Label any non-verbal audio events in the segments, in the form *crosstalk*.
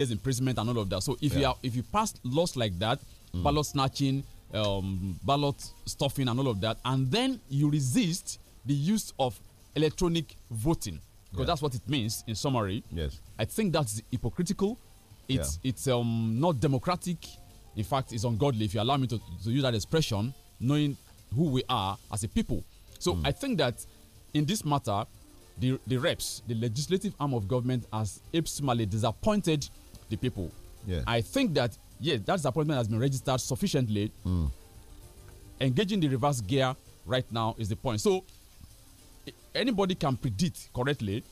years imprisonment and all of that. So if yeah. you are, if you pass laws like that, mm. ballot snatching, um, ballot stuffing, and all of that, and then you resist the use of electronic voting, because yeah. that's what it means in summary. Yes, I think that's hypocritical. It's yeah. it's um, not democratic. In fact, it's ungodly if you allow me to, to use that expression, knowing who we are as a people. So mm. I think that in this matter, the, the reps, the legislative arm of government, has absolutely disappointed the people. Yeah. I think that, yes, that disappointment has been registered sufficiently. Mm. Engaging the reverse gear right now is the point. So, anybody can predict correctly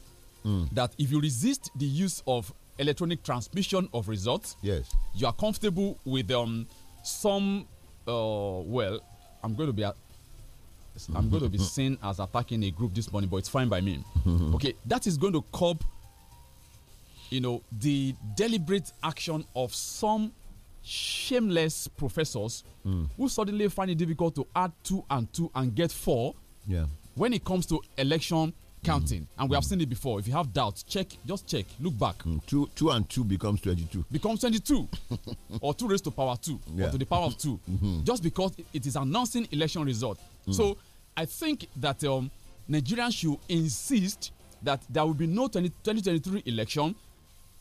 mm. that if you resist the use of electronic transmission of results, yes, you are comfortable with um, some. Uh, well, I'm going to be. I'm going to be *laughs* seen as attacking a group this morning, but it's fine by me. *laughs* okay, that is going to curb you know, the deliberate action of some shameless professors mm. who suddenly find it difficult to add two and two and get four yeah. when it comes to election hmm. counting. Mm. And we have hmm. seen it before. If you have doubts, check, just check, look back. Hmm. Two, two and two becomes 22. Becomes 22. *laughs* or two raised to power two, yeah. or to the power of 2 *laughs* -hmm. Just because it is announcing election result. Mm. So I think that um, Nigerians should insist that there will be no 20, 2023 election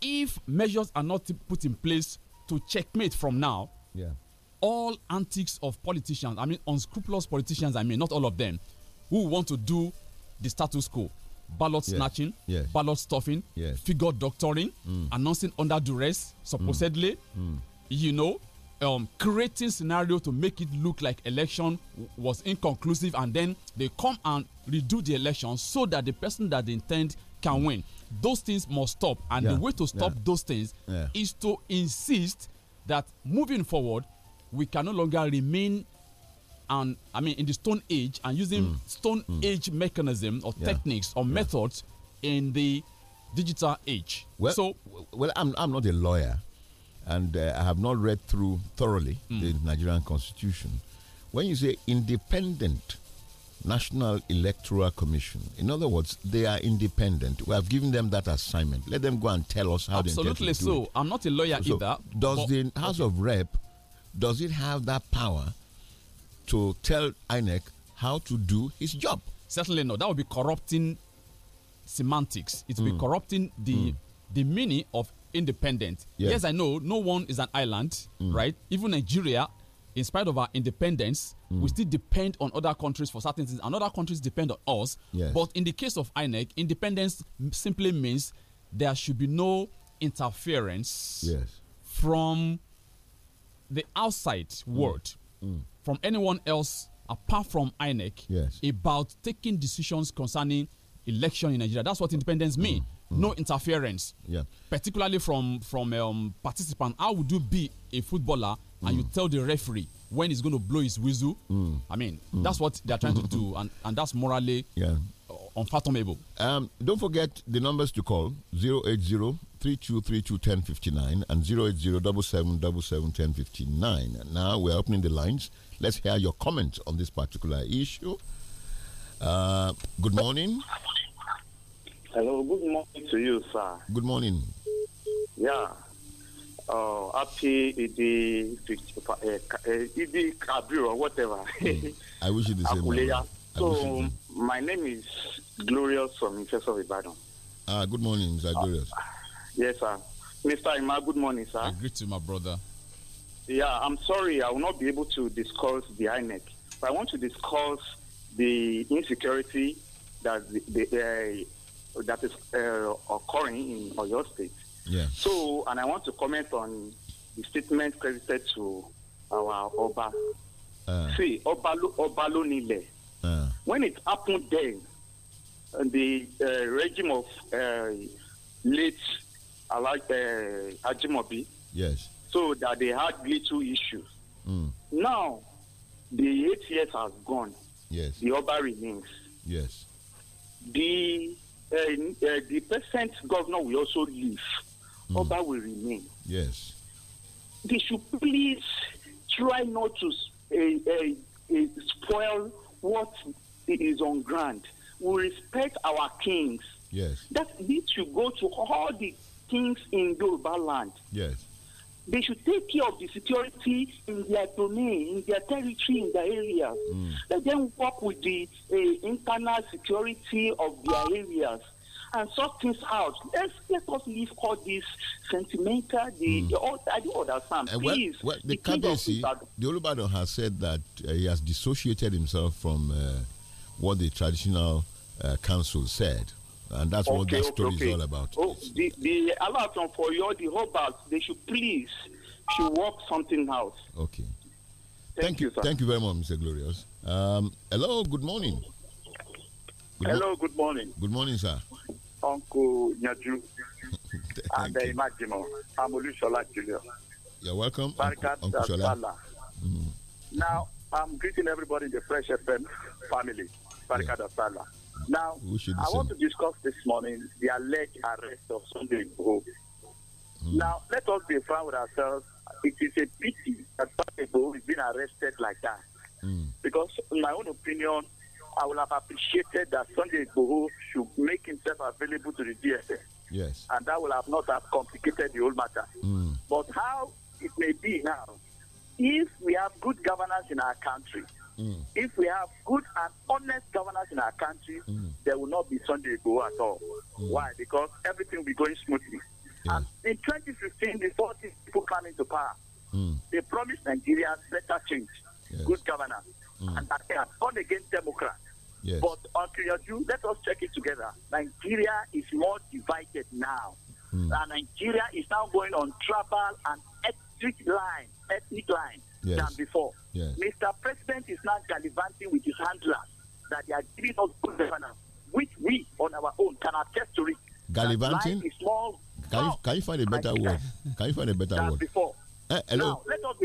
if measures are not put in place to checkmate from now, yeah. all antics of politicians, I mean, unscrupulous politicians, I mean, not all of them, who want to do the status quo, ballot yes. snatching, yes. ballot stuffing, yes. figure doctoring, mm. announcing under duress, supposedly, mm. mm. you know, um, creating scenario to make it look like election was inconclusive, and then they come and redo the election so that the person that they intend can win. Those things must stop. And yeah. the way to stop yeah. those things yeah. is to insist that moving forward, we can no longer remain and I mean in the stone age and using mm. stone mm. age mechanism or techniques or methods in the digital age. Well, so well, I'm I'm not a lawyer, and uh, I have not read through thoroughly mm. the Nigerian Constitution. When you say independent National Electoral Commission. In other words, they are independent. We have given them that assignment. Let them go and tell us how Absolutely they Absolutely so. It. I'm not a lawyer so either. Does the House okay. of Rep does it have that power to tell INEC how to do his job? Certainly not. That would be corrupting semantics. It would mm. be hmm. corrupting the mm. the meaning of independent. Yes. yes. I know no one is an island, mm. right? Even Nigeria in spite of our independence, mm. we still depend on other countries for certain things, and other countries depend on us. Yes. But in the case of INEC, independence simply means there should be no interference yes. from the outside mm. world, mm. from anyone else apart from INEC, yes. about taking decisions concerning election in Nigeria. That's what independence mm. means. Mm. No interference, yeah. particularly from from um, participants. How would you be a footballer and you hmm. tell the referee when he's going to blow his whistle. Hmm. I mean, that's what they're trying to do, and, and that's morally yeah. Uh, unfathomable. Um, don't forget the numbers to call 080 32321059 and 08077771059. And now we're opening the lines. Let's hear your comment on this particular issue. Uh, good morning. Hello, good morning to you, sir. Good morning. Yeah, oh, happy Idi, Idi Kabir or whatever. Mm. I wish you the same. Akuleya. So, my name is Glorious from Interest of Ibadan. Ah, good morning, Mr. Glorious. Uh, yes, sir. Mr. Ima, good morning, sir. I greet you, my brother. Yeah, I'm sorry, I will not be able to discuss the INEC. But I want to discuss the insecurity that the, the uh, that is uh, occurring in Oyo State. Yeah. So, and I want to comment on the statement credited to our Oba. Uh. See, Oba, Oba Lonile. Uh. When it happened then, uh, the uh, regime of uh, late Alaj, uh, Ajimobi. Yes. So that they had little issues. Mm. Now, the eight years has gone. Yes. The Oba remains. Yes. The uh, uh the present governor will also leave mm. Oba will remain. Yes. They should please try not to uh, uh, uh spoil what is on ground. We respect our kings. Yes. That this you go to all the kings in Yoruba land. Yes. They should take care of the security in their domain, in their territory, in their areas. Mm. Let them work with the uh, internal security of their oh. areas and sort things out. Let's let us leave all this sentimental. The, mm. the all, I do understand. Uh, well, Please, well, the, candidacy. the Olubado has said that uh, he has dissociated himself from uh, what the traditional council said. And that's okay, what that story okay. is all about. Oh, the the Alaton for you, the Hobart, they should please should work something out. Okay. Thank, thank you, you thank you very much, Mr. Glorious. Um, hello, good morning. Good hello, mo good morning. Good morning, sir. Uncle Nyaju, *laughs* and the uh, Imajimo, uh, Amolushola Jr. You're welcome, Uncle, Uncle Shola. Mm. Now, I'm greeting everybody in the Fresh FM family, Barkat yeah. Asala. Now, I want to discuss this morning the alleged arrest of Sunday Igbo. Mm. Mm-hmm. Now, let us be frank with ourselves. It is a pity that Sunday Igbo is being arrested like that. Mm. Because, in my own opinion, I would have appreciated that Sunday Igboho should make himself available to the DSS. Yes. And that would have not have complicated the whole matter. Mm. But how it may be now, if we have good governance in our country, mm. if we have good and honest governance in our country, mm. there will not be Sunday Igboho at all. Hmm. Why? Because everything will be going smoothly. Yeah. And in 2015, the 40 people came into power. Hmm. They promised Nigerians better change, yes. good governance mm. and are born again Democrats. Yes. But until you let us check it together. Nigeria is more divided now. Mm. And Nigeria is now going on tribal and ethnic line, ethnic line yes. than before. Yes. Mr. President is now gallivanting with his handlers that they are giving us good governance, which we on our own can attest to it. Gallivanting? Is more can you, can you find a better word? Can you find a better word? Before. Eh, hello. Now, let us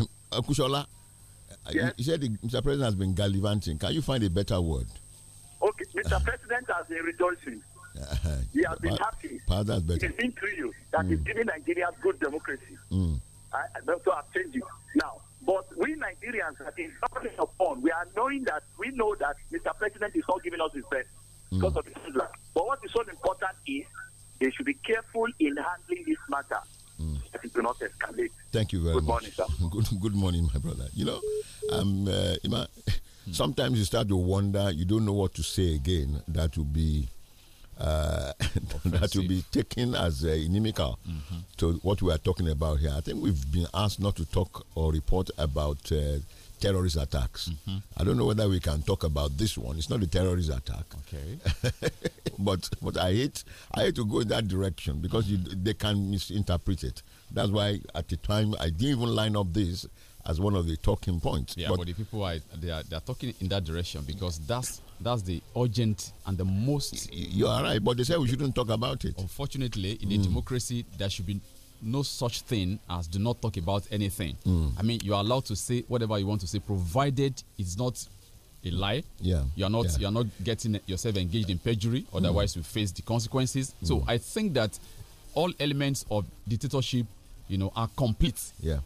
give. *laughs* Yes. You said the, Mr. President has been gallivanting. Can you find a better word? Okay, Mr. *laughs* President has been rejoicing. *laughs* he has been happy. That's better. He's been through you that mm. he's giving Nigeria good democracy. Mm. I, I don't have changed you. now. But we Nigerians are uh, insulting upon. We are knowing that we know that Mr. President is not giving us his best mm. because of the But what is so important is they should be careful in handling this matter. Mm. do not escalate. Thank you very good much. Good morning, sir. *laughs* Good, good morning, my brother. You know, I'm, um, uh, Ima, *laughs* sometimes you start to wonder, you don't know what to say again that will be. Uh, *laughs* that will be taken as uh, inimical mm -hmm. to what we are talking about here. I think we've been asked not to talk or report about uh, terrorist attacks. Mm -hmm. I don't know whether we can talk about this one. It's not a terrorist attack. Okay. *laughs* but but I hate I hate to go in that direction because mm -hmm. you, they can misinterpret it. That's why at the time I didn't even line up this as one of the talking points. Yeah, but, but the people are they, are they are talking in that direction because that's that's the urgent and the most. You are right, but they say we shouldn't talk about it. Unfortunately, in mm. a democracy, there should be no such thing as do not talk about anything. Mm. I mean, you are allowed to say whatever you want to say, provided it's not a lie. Yeah. You are not yeah. you are not getting yourself engaged in perjury. Hmm. Otherwise, mm. you face the consequences. Mm. So hmm. I think that all elements of dictatorship, you know, are complete. Yeah.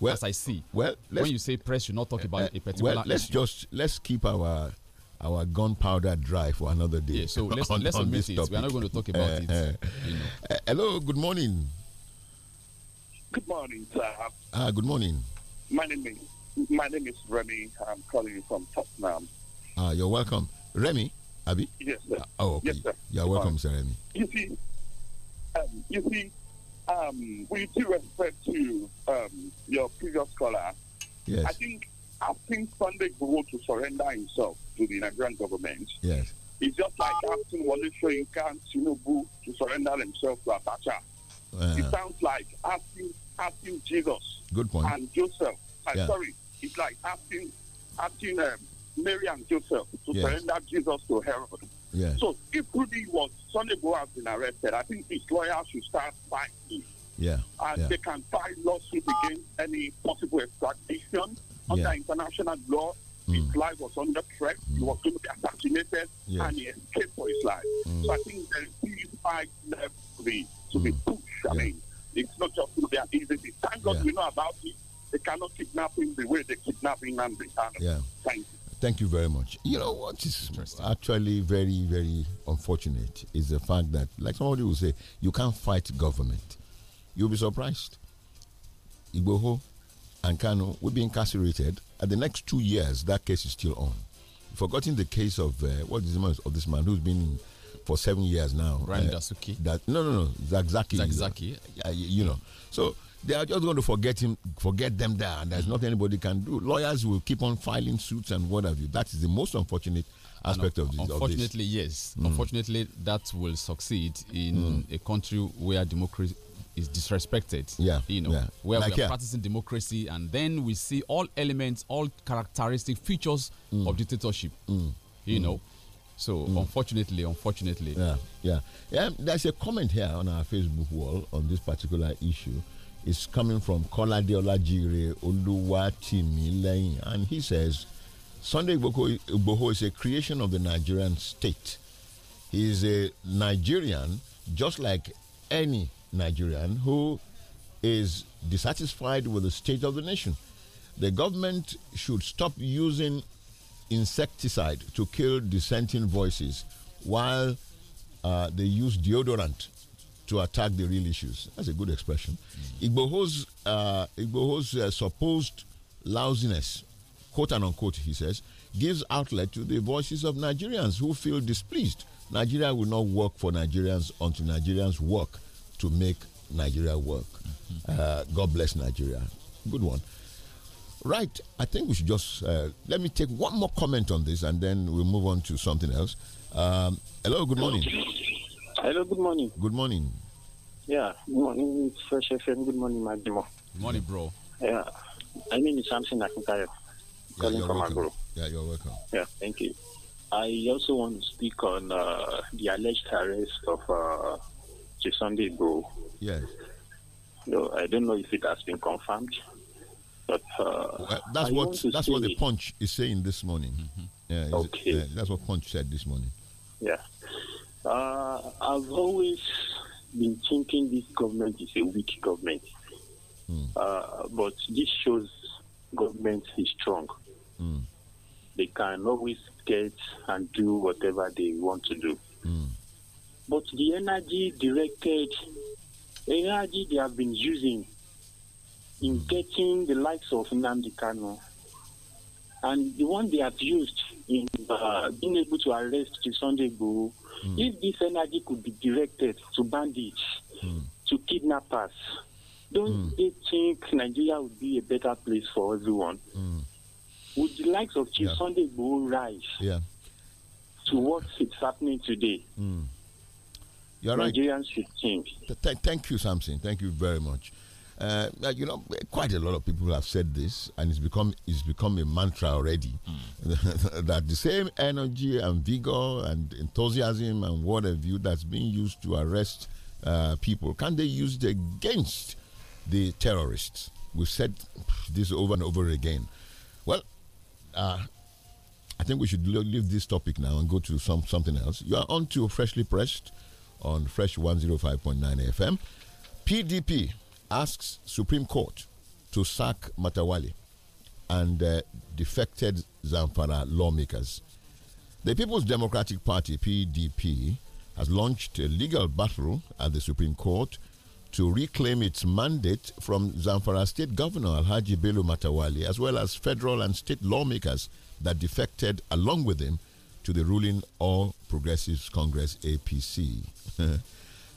Well, as I see. Well, when you say press should not talk eh, about uh, a particular. Well, let's issue. just let's keep our our gunpowder dry for another day. Yeah, so let's *laughs* on, let's on omit it. We are not going to talk about uh, it. Uh, you know. hello. Good morning. Good morning, sir. Ah, good morning. My name is my name is Remy. I'm calling you from Tottenham. Ah, you're welcome, Remy. Abby. Yes, sir. Ah, oh, okay. Yes, sir. You're welcome, sir Remy. You see, um, you see, um, with due respect to um, your previous caller, yes. I think asking Sunday Guru to surrender himself to the Nigerian government. Yes. It's just like asking Wale Soyinka and Tinubu to surrender himself to Abacha. Uh, it sounds like asking asking Jesus. Good point. And Joseph. Uh, yeah. Sorry, it's like asking asking um, Mary and Joseph to yes. surrender Jesus to Herod. Yes. So if Rudy was Sunday boy has been arrested, I think his lawyers should start fighting. Yeah. And yeah. they can file lawsuit against any possible extradition under yeah. international law. Mm. His life was under threat. Mm. He was going to be assassinated, yes. and he escaped for his life. Mm. So I mm. think there is fight left to be, to be mm. pushed. I mean, it's not just through their Thank God we know about it. They cannot kidnap him the way they kidnap him and they Yeah. Thank you. Thank you very much. You know what is actually very, very unfortunate is the fact that, like somebody will say, you can't fight government. You'll be surprised. Igboho and Kano will be incarcerated. At the next two years, that case is still on. Forgotten the case of uh, what is the name of this man who's been for seven years now. Brian uh, Dasuki. That, no, no, no. Zagzaki. Zagzaki. Uh, you know. So they are just going to forget him, forget them there, and there's mm -hmm. nothing anybody can do. Lawyers will keep on filing suits and what have you. That is the most unfortunate aspect of this. Unfortunately, of this. yes. Mm. Unfortunately, that will succeed in mm. a country where democracy is disrespected. Yeah, you know, yeah. where like we are practicing democracy, and then we see all elements, all characteristic features mm. of dictatorship. Mm. You know, mm. So mm. unfortunately, unfortunately. Yeah, yeah, yeah. There's a comment here on our Facebook wall on this particular issue. It's coming from Kolade Olajire Oluwatimileyin, and he says, Sunday Boko is a creation of the Nigerian state. He is a Nigerian, just like any Nigerian who is dissatisfied with the state of the nation. The government should stop using insecticide to kill dissenting voices while uh, they use deodorant to attack the real issues. That's a good expression. Mm. Igboho's, uh, Igboho's uh, supposed lousiness, quote and unquote, he says, gives outlet to the voices of Nigerians who feel displeased. Nigeria will not work for Nigerians until Nigerians work to make Nigeria work. Mm-hmm. uh, God bless Nigeria. Good one. Right. I think we should just uh, let me take one more comment on this, and then we'll move on to something else. Um, hello. Good morning. Hello. Good morning. Good morning. Yeah. Good morning, Fresh FM. Good morning, Madimo. Good morning, bro. Yeah. I mean, it's something I can tell you. Yeah, calling from welcome. Agro. Yeah, you're welcome. Yeah, thank you. I also want to speak on uh, the alleged arrest of uh, Sunday Yes. No, I don't know if it has been confirmed uh, well, that's I what that's what the Punch is saying this morning. Mm -hmm. Yeah, okay. that's what Punch said this morning. Yeah, uh, I've always been thinking this government is a weak government, mm. uh, but this shows government is strong. Mm. They can always get and do whatever they want to do. Hmm. But the energy directed, energy they have been using in getting the likes of Nnamdi Kano. And the one they have used in uh, being able to arrest Sunday Igboho, mm. if this energy could be directed to bandits, mm. to kidnappers, don't mm. they think Nigeria would be a better place for everyone? Hmm. Would the likes of Chief yeah. Sunday rise yeah. to what is happening today? Hmm. You're Nigerians right. should think. Th th thank you, Samson. Thank you very much. Uh, you know, quite a lot of people have said this, and it's become it's become a mantra already mm. *laughs* that the same energy and vigor and enthusiasm and whatever you that's being used to arrest uh, people can they use it against the terrorists? We've said this over and over again. Well, uh, I think we should leave this topic now and go to some something else. You are on to freshly pressed on Fresh 105.9 FM. PDP asks Supreme Court to sack Matawali and uh, defected Zamfara lawmakers. The People's Democratic Party (PDP) has launched a legal battle at the Supreme Court to reclaim its mandate from Zamfara State Governor Alhaji Bello Matawali, as well as federal and state lawmakers that defected along with him to the ruling All Progressives Congress (APC). *laughs*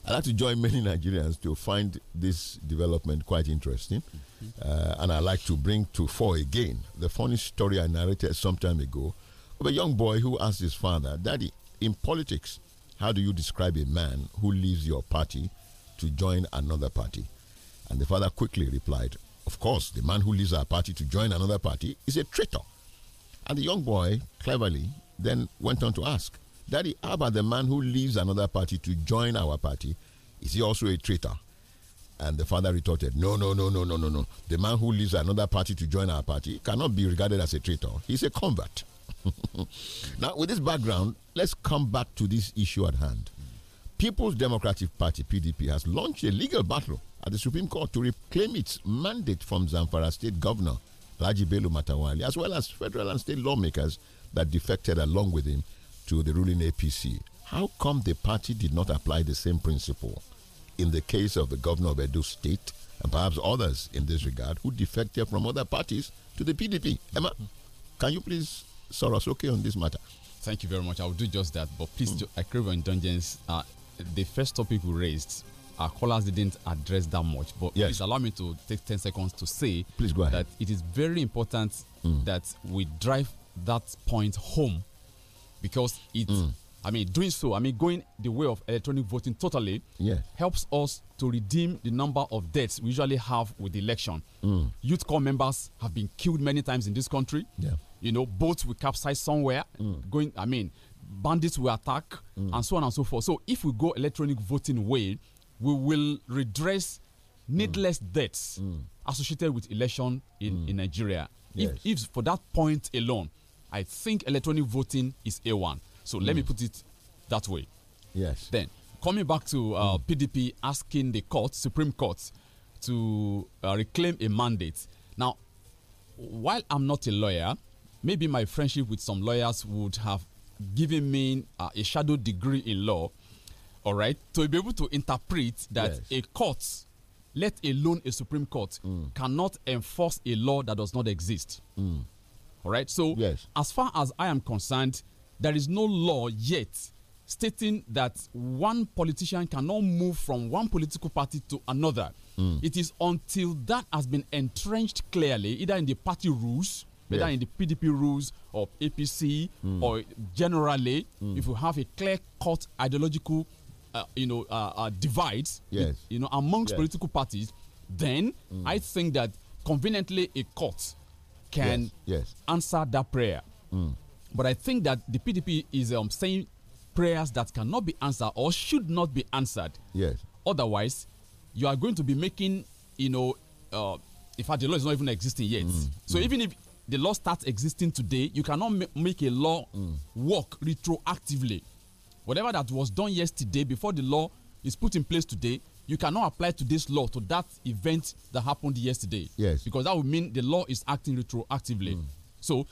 I like to join many Nigerians to find this development quite interesting. Mm -hmm. uh, and I like to bring to fore again the funny story I narrated some time ago of a young boy who asked his father, Daddy, in politics, how do you describe a man who leaves your party to join another party? And the father quickly replied, Of course, the man who leaves our party to join another party is a traitor. And the young boy cleverly then went on to ask, Daddy, how about the man who leaves another party to join our party? Is he also a traitor? And the father retorted, No, no, no, no, no, no, no. The man who leaves another party to join our party cannot be regarded as a traitor. He's a convert. *laughs* now, with this background, let's come back to this issue at hand. People's Democratic Party, PDP, has launched a legal battle at the Supreme Court to reclaim its mandate from Zamfara State Governor Laji Bello Matawali, as well as federal and state lawmakers that defected along with him to the ruling APC. How come the party did not apply the same principle in the case of the governor of Edo State and perhaps others in this regard who defected from other parties to the PDP? Emma, can you please sort us okay on this matter? Thank you very much. I will do just that. But please, mm. I crave your indulgence. Uh, the first topic we raised our callers didn't address that much. But yes. please allow me to take 10 seconds to say please go ahead. that it is very important mm. that we drive that point home because it. Mm. I mean, doing so, I mean, going the way of electronic voting totally helps us to redeem the number of deaths we usually have with the election. Mm. Youth Corps members have been killed many times in this country. Yeah. You know, boats will capsize somewhere. Mm. Going, I mean, bandits will attack mm. and so on and so forth. So, if we go electronic voting way, we will redress needless hmm. deaths hmm. associated with election in, hmm. in Nigeria. Yes. If, if for that point alone, I think electronic voting is A1. So mm. let me hmm. put it that way. Yes. Then coming back to uh, mm. PDP asking the court, Supreme Court, to uh, reclaim a mandate. Now, while I'm not a lawyer, maybe my friendship with some lawyers would have given me uh, a shadow degree in law, all right, to be able to interpret that yes. a court, let alone a Supreme Court, mm. cannot enforce a law that does not exist. Mm. All right. So, yes. as far as I am concerned, there is no law yet stating that one politician cannot move from one political party to another. Mm. It is until that has been entrenched clearly, either in the party rules, yes. either in the PDP rules or APC, mm. or generally, mm. if you have a clear-cut ideological, uh, you know, uh, uh, yes. you know, amongst yes. political parties, then hmm. I think that conveniently a court can yes, yes. answer that prayer. Mm. But I think that the PDP is um, saying prayers that cannot be answered or should not be answered. Yes. Otherwise, you are going to be making, you know, uh, in fact, the law is not even existing yet. Mm. So mm. even if the law starts existing today, you cannot make a law mm. work retroactively. Whatever that was done yesterday before the law is put in place today, you cannot apply to this law to that event that happened yesterday. Yes. Because that would mean the law is acting retroactively. Mm. So,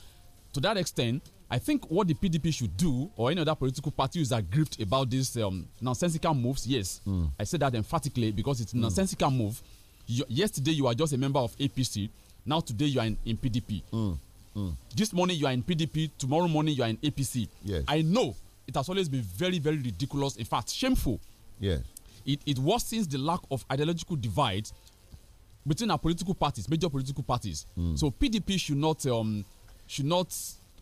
to that extent, I think what the PDP should do, or any other political party who is aggrieved about these um, nonsensical moves, yes, mm. I say that emphatically because it's mm. nonsensical move. You, yesterday you are just a member of APC, now today you are in, in PDP. Mm. Mm. This morning you are in PDP, tomorrow morning you are in APC. Yes. I know it has always been very, very ridiculous, in fact, shameful. Yes it, it worsens the lack of ideological divide between our political parties, major political parties. Mm. So PDP should not um, should not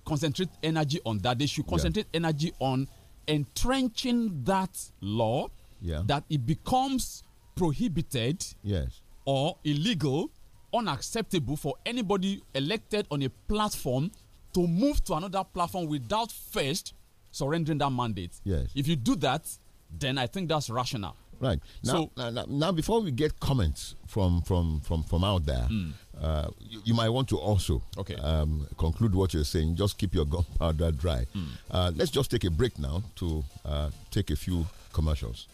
concentrate energy on that. They should concentrate yeah. energy on entrenching that law yeah. that it becomes prohibited yes. or illegal, unacceptable for anybody elected on a platform to move to another platform without first surrendering that mandate. Yes. If you do that, then I think that's rational. Right now, so, now, now, before we get comments from from from from out there, mm. uh, you, you, might want to also okay. um, conclude what you're saying. Just keep your *laughs* gunpowder dry. Mm. Uh, let's just take a break now to uh, take a few commercials.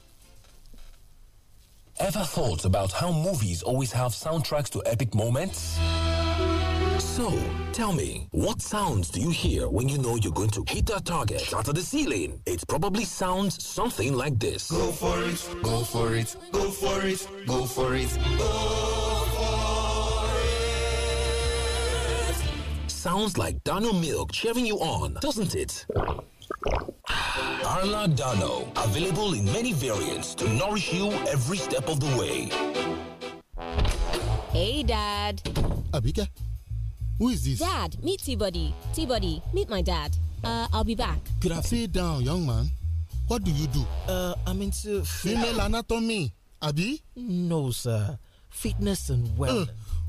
Ever thought about how movies always have soundtracks to epic moments? So, tell me, what sounds do you hear when you know you're going to hit that target, shatter the ceiling? It probably sounds something like this. Go for it, go for it, go for it, go for it, go for it. Sounds like Dano Milk cheering you on, doesn't it? Arla Dano, available in many variants to nourish you every step of the way. Hey, Dad. Abika. Who is this? Dad, meet T-Body. T-Body, meet my dad. Uh, I'll be back. Could I sit down, young man? What do you do? Uh, I'm into... Female anatomy, Abby? No, sir. Fitness and uh, wellness. Uh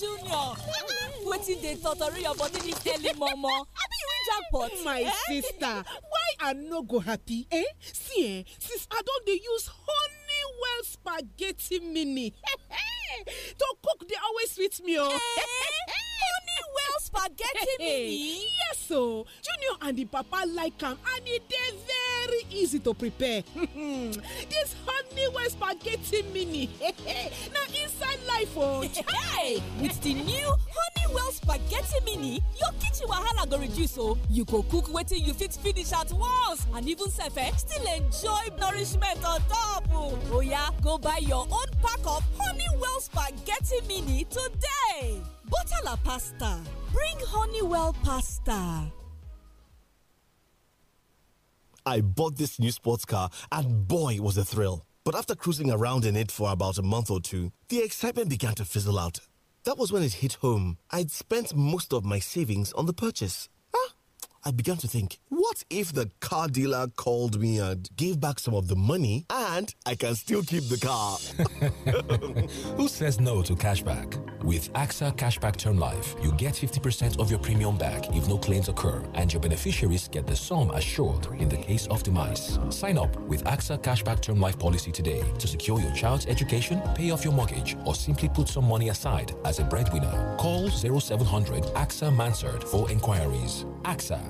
junior wetin dey totori your body dis early *laughs* momo jackpot. my eh? sister why i no go happy eh see eh since i don't dey use honeywell spaghetti mini *laughs* to cook they always sweet me oh. Eh? *laughs* well spaghetti *laughs* mini. yes o junior and the papa like am and they're very easy to prepare. *laughs* this honey well spaghetti mini *laughs* Now inside life oh, chai with the new honey well spaghetti mini your kitchen wahala go reduce Oh, you go cook waiting, you fit finish at once and even sef eh, still enjoy nourishment on top Oh yeah, go buy your own pack of honey well spaghetti mini today butter pasta. Bring Honeywell pasta. I bought this new sports car, and boy, was a thrill. But after cruising around in it for about a month or two, the excitement began to fizzle out. That was when it hit home. I'd spent most of my savings on the purchase. I began to think, what if the car dealer called me and gave back some of the money and I can still keep the car? *laughs* Who says no to cashback? With AXA Cashback Term Life, you get 50% of your premium back if no claims occur, and your beneficiaries get the sum assured in the case of demise. Sign up with AXA Cashback Term Life policy today to secure your child's education, pay off your mortgage, or simply put some money aside as a breadwinner. Call 0700 AXA Mansard for inquiries. AXA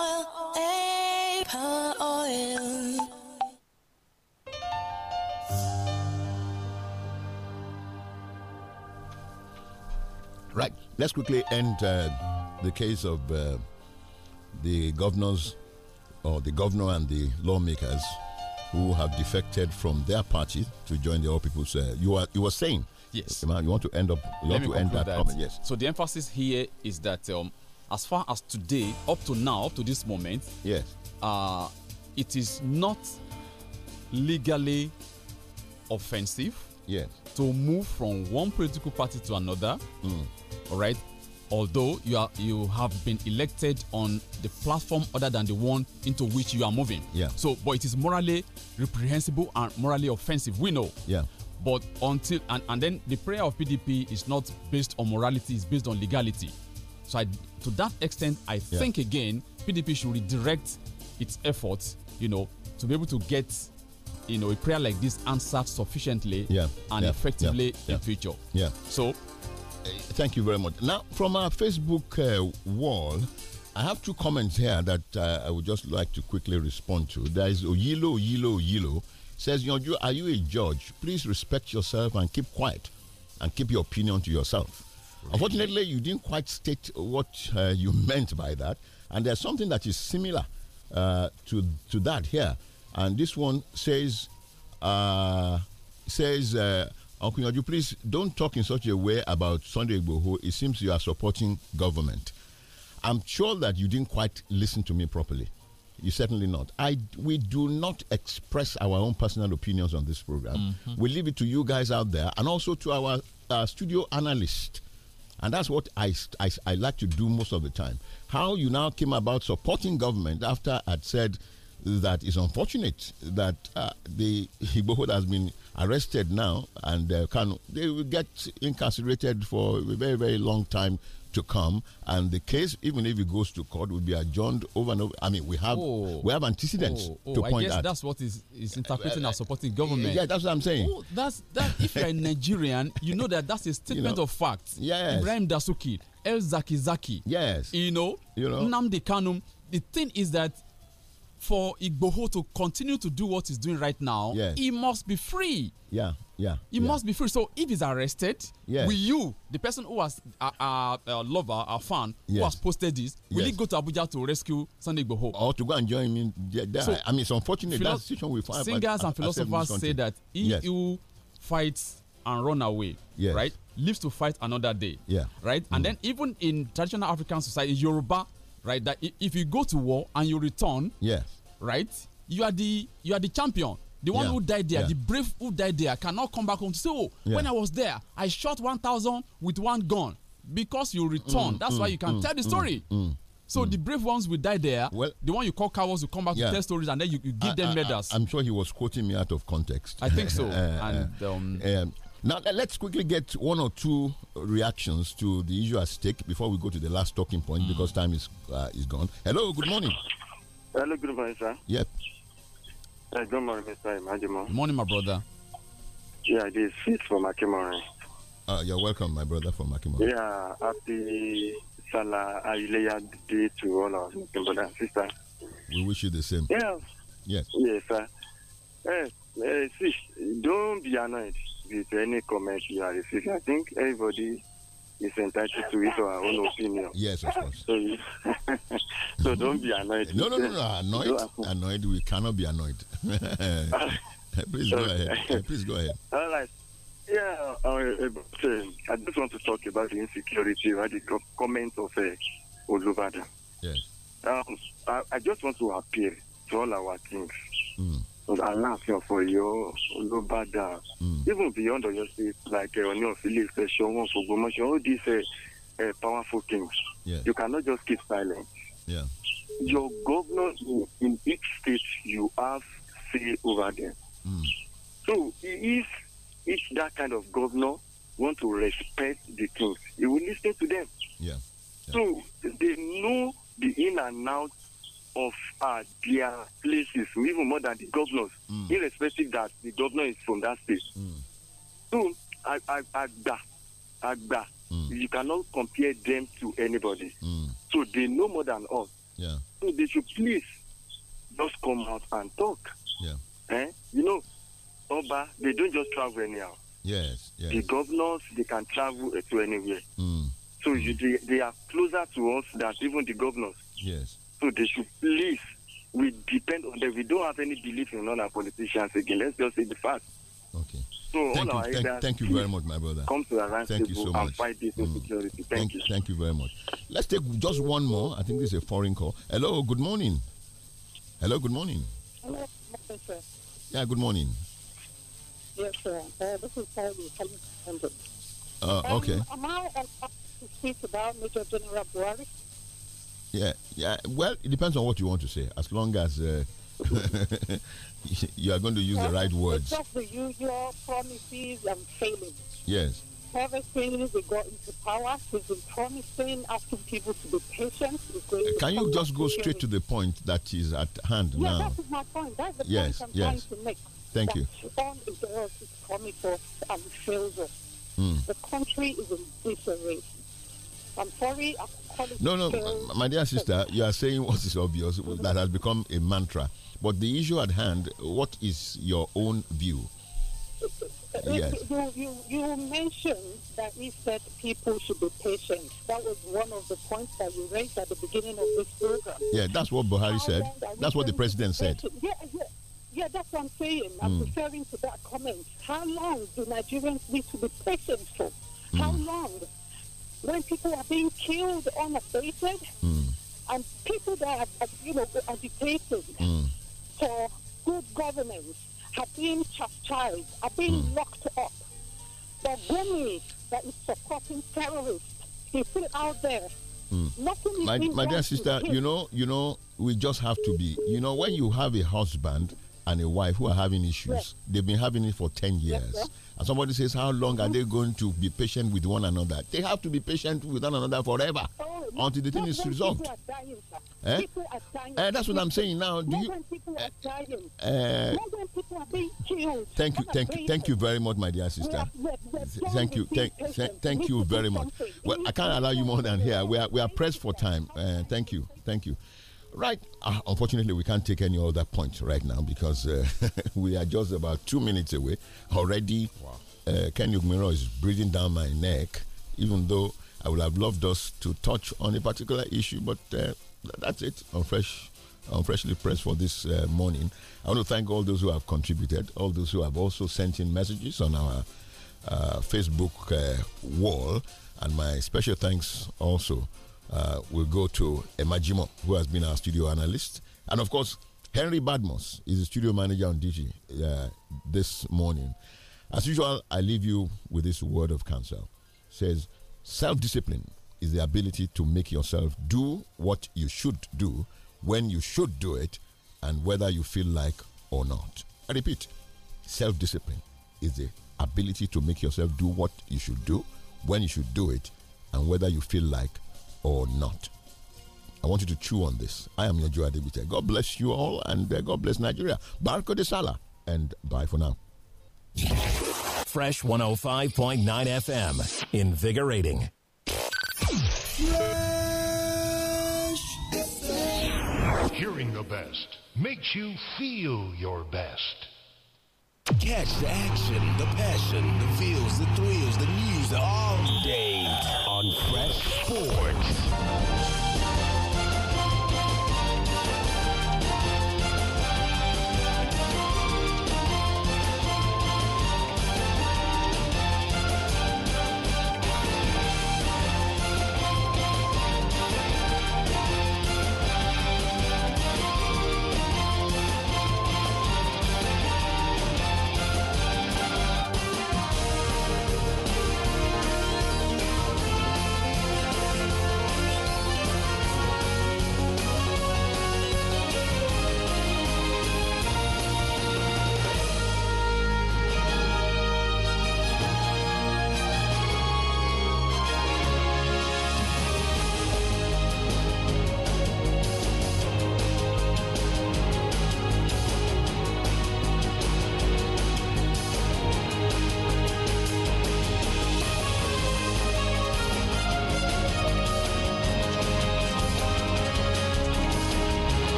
Right. Let's quickly end uh, the case of uh, the governors or the governor and the lawmakers who have defected from their party to join the All People's. Uh, you are you were saying. Yes. Man, you want to end up. You want to end that, that. Comment, yes. So the emphasis here is that um, as far as today, up to now, up to this moment, yes, uh, it is not legally offensive. Yes to move from one political party to another. Mm. All right. Although you are you have been elected on the platform other than the one into which you are moving. Yeah. So, but it is morally reprehensible and morally offensive. We know. Yeah. But until and, and then the prayer of PDP is not based on morality; it's based on legality. So, I, to that extent, I yeah. think again PDP should redirect its efforts, you know, to be able to get you know a prayer like this answered sufficiently yeah, and yeah, effectively yeah, in future. Yeah. So, uh, thank you very much. Now, from our Facebook uh, wall, I have two comments here that uh, I would just like to quickly respond to. There is Oyilo Oyilo Oyilo says, "Yonju, are you a judge? Please respect yourself and keep quiet, and keep your opinion to yourself." Really? Unfortunately, you didn't quite state what you *laughs* meant by that, and there's something that is similar to to that here and this one says, uh, says, uh, Uncle Yaju, please don't talk in such a way about Sunday Igboho. It seems you are supporting government. I'm sure that you didn't quite listen to me properly. You certainly not. I we do not express our own personal opinions on this program. Mm -hmm. We leave it to you guys out there and also to our uh, studio analyst. And that's what I, I I like to do most of the time. How you now came about supporting government after I'd said that is unfortunate that uh, the Igboho has been arrested now and uh, can they will get incarcerated for a very very long time to come and the case even if it goes to court will be adjourned over and over i mean we have oh, we have antecedents oh, oh, to point out. that's what is is interpreting uh, as supporting uh, government yeah that's what i'm saying oh, that's that if you're a *laughs* nigerian you know that that's a statement you know, of fact yes ibrahim dasuki el zaki zaki yes you know you know namdi kanum the thing is that for Igboho to continue to do what he's doing right now, yes. he must be free. Yeah, yeah. He yeah. must be free. So if he's arrested, yes. will you, the person who was a, uh, uh, uh, lover, a fan, yes. who has posted this, will he go to Abuja to rescue Sunday Igboho? Or to go and join me so, I mean, it's unfortunate that situation we find. Singers and philosophers say that he you fights and run away, right, lives to fight another day. Yeah. Right? Mm. And then even in traditional African society, Yoruba right? That if you go to war and you return, yes, right, you are the you are the champion. The one yeah. who died there, yeah. the brave who died there, cannot come back home to say, "Oh, yeah. when I was there, I shot one thousand with one gun." Because you return, mm, that's mm, why you can mm, tell the mm, story. Mm, mm. So the brave ones will die there. Well, the one you call cowards will come back yeah. to tell stories, and then you, you give I, them medals. I'm sure he was quoting me out of context. I think so. uh, *laughs* and um, um, now, let's quickly get one or two reactions to the issue at stake before we go to the last talking point mm. because time is uh, is gone. Hello, good morning. Hello, good morning, sir. Yep. Uh, good morning, Mr. Imajimo. Good morning, my brother. Yeah, this is from Akimori. Uh, you're welcome, my brother from Akimori. Yeah, happy Salah Ayuleya Day to all our brother and sister. We wish you the same. Yeah. Yes. Yes, sir. Hey, eh, hey, sis, don't be annoyed be any comment you are receiving. I think everybody is entitled to his or own opinion. Yes, of course. so, *laughs* so don't be annoyed. No, no, no, no. Annoyed, annoyed. We cannot be annoyed. *laughs* Please go ahead. Please go ahead. All right. Yeah, uh, but, um, uh, I just want to talk about the insecurity, right? The comment of uh, Olubada. Yes. Um, I, I, just want to appeal to all our things. Mm aláàfin ọ̀fọ̀yọ́ olóbàdà even beyond ọ̀yọ́ state like ọ̀ní ọ̀fìlẹ̀ ìfẹ́ ṣọwọ́n fògbómọṣọ all these uh, uh, powerful things yeah. you cannot just keep silent. Yeah. your governor, in each state you have say over them. Mm. so if if that kind of governor want to respect the king he will listen to them. Yeah. So they know the in and out of uh, their places, even more than the governors, mm. irrespective that the governor is from that state. Mm. So, Agba, Agba, mm. you cannot compare them to anybody. Mm. So they know more than us. Yeah. So they should please just come out and talk. Yeah. Eh? You know, Oba, they don't just travel anyhow. Yes, yes. The governors, they can travel to anywhere. Mm. So you, they, they are closer to us than even the governors. Yes. So they should please, we depend on them. We don't have any belief in all our politicians again. Let's just say the fact. Okay. So thank, you, thank, thank you very much, my brother. Come to the thank you so much. fight this mm. insecurity. security. Thank, thank, you. Thank you very much. Let's take just one more. I think this is a foreign call. Hello, good morning. Hello, good morning. Hello, sir. Yeah, good morning. Yes, sir. Uh, this is Carly coming Uh, um, okay. Um, am I allowed to speak about Major General yeah, yeah. Well, it depends on what you want to say. As long as uh, *laughs* you are going to use yes, the right words. Exactly. You, your promises and failings. Yes. Ever since we got into power, he's been promising, asking people to be patient. Uh, can you just go straight to the point that is at hand yeah, now? Yeah, that is my point. That's the yes, point I'm yes. trying to make. Thank you. On the earth is promised us and fails us. Mm. The country is in disarray. I'm sorry, no, no, my dear sister, you are saying what is obvious that has become a mantra. But the issue at hand, what is your own view? *laughs* Yes. You, you, you mentioned that he said people should be patient. That was one of the points that you raised at the beginning of this program. Yeah, that's what Buhari said. That's what the president said. Yeah, yeah. Yeah, that's what I'm saying. I'm mm. referring to that comment. How long do Nigerians need to be patient for? How mm. long when people are being killed unabated mm. and people that are, you know, agitated mm. for good governance are being chastised, are being mm. locked up. The woman that is supporting terrorists is still out there. Mm. Nothing my, my dear sister, you know, you know, we just have to be. You know, when you have a husband and a wife who are having issues. They've been having it for 10 years. and somebody says, How long are they going to be patient with one another? They have to be patient with one another forever oh, until the thing is resolved. Dying, eh? eh? that's what I'm saying now. Do you, eh, thank you, thank you, thank you very much, my dear sister. Thank you, thank, thank you very much. Well, I can't allow you more than here. We are we are pressed for time. thank you, thank you. Right. Uh, unfortunately, we can't take any other point right now because uh, *laughs* we are just about two minutes away. Already, wow. uh, Kenny Ogmiro is breathing down my neck, even though I would have loved us to touch on a particular issue, but uh, that's it on Fresh. I'm freshly pressed for this uh, morning. I want to thank all those who have contributed, all those who have also sent in messages on our uh, Facebook wall, and my special thanks also uh, we'll go to Emajimo, who has been our studio analyst. And of course, Henry Badmos is the studio manager on DG uh, this morning. As usual, I leave you with this word of counsel. It says, self-discipline is the ability to make yourself do what you should do when you should do it and whether you feel like or not. I repeat, self-discipline is the ability to make yourself do what you should do when you should do it and whether you feel like or not? I want you to chew on this. I am Nigel Adebute. God bless you all and uh, God bless Nigeria. Barco de Sala. And bye for now. Fresh 105.9 FM. Invigorating. Fresh Hearing the best makes you feel your best. Catch the action, the passion, the feels, the thrills, the news all day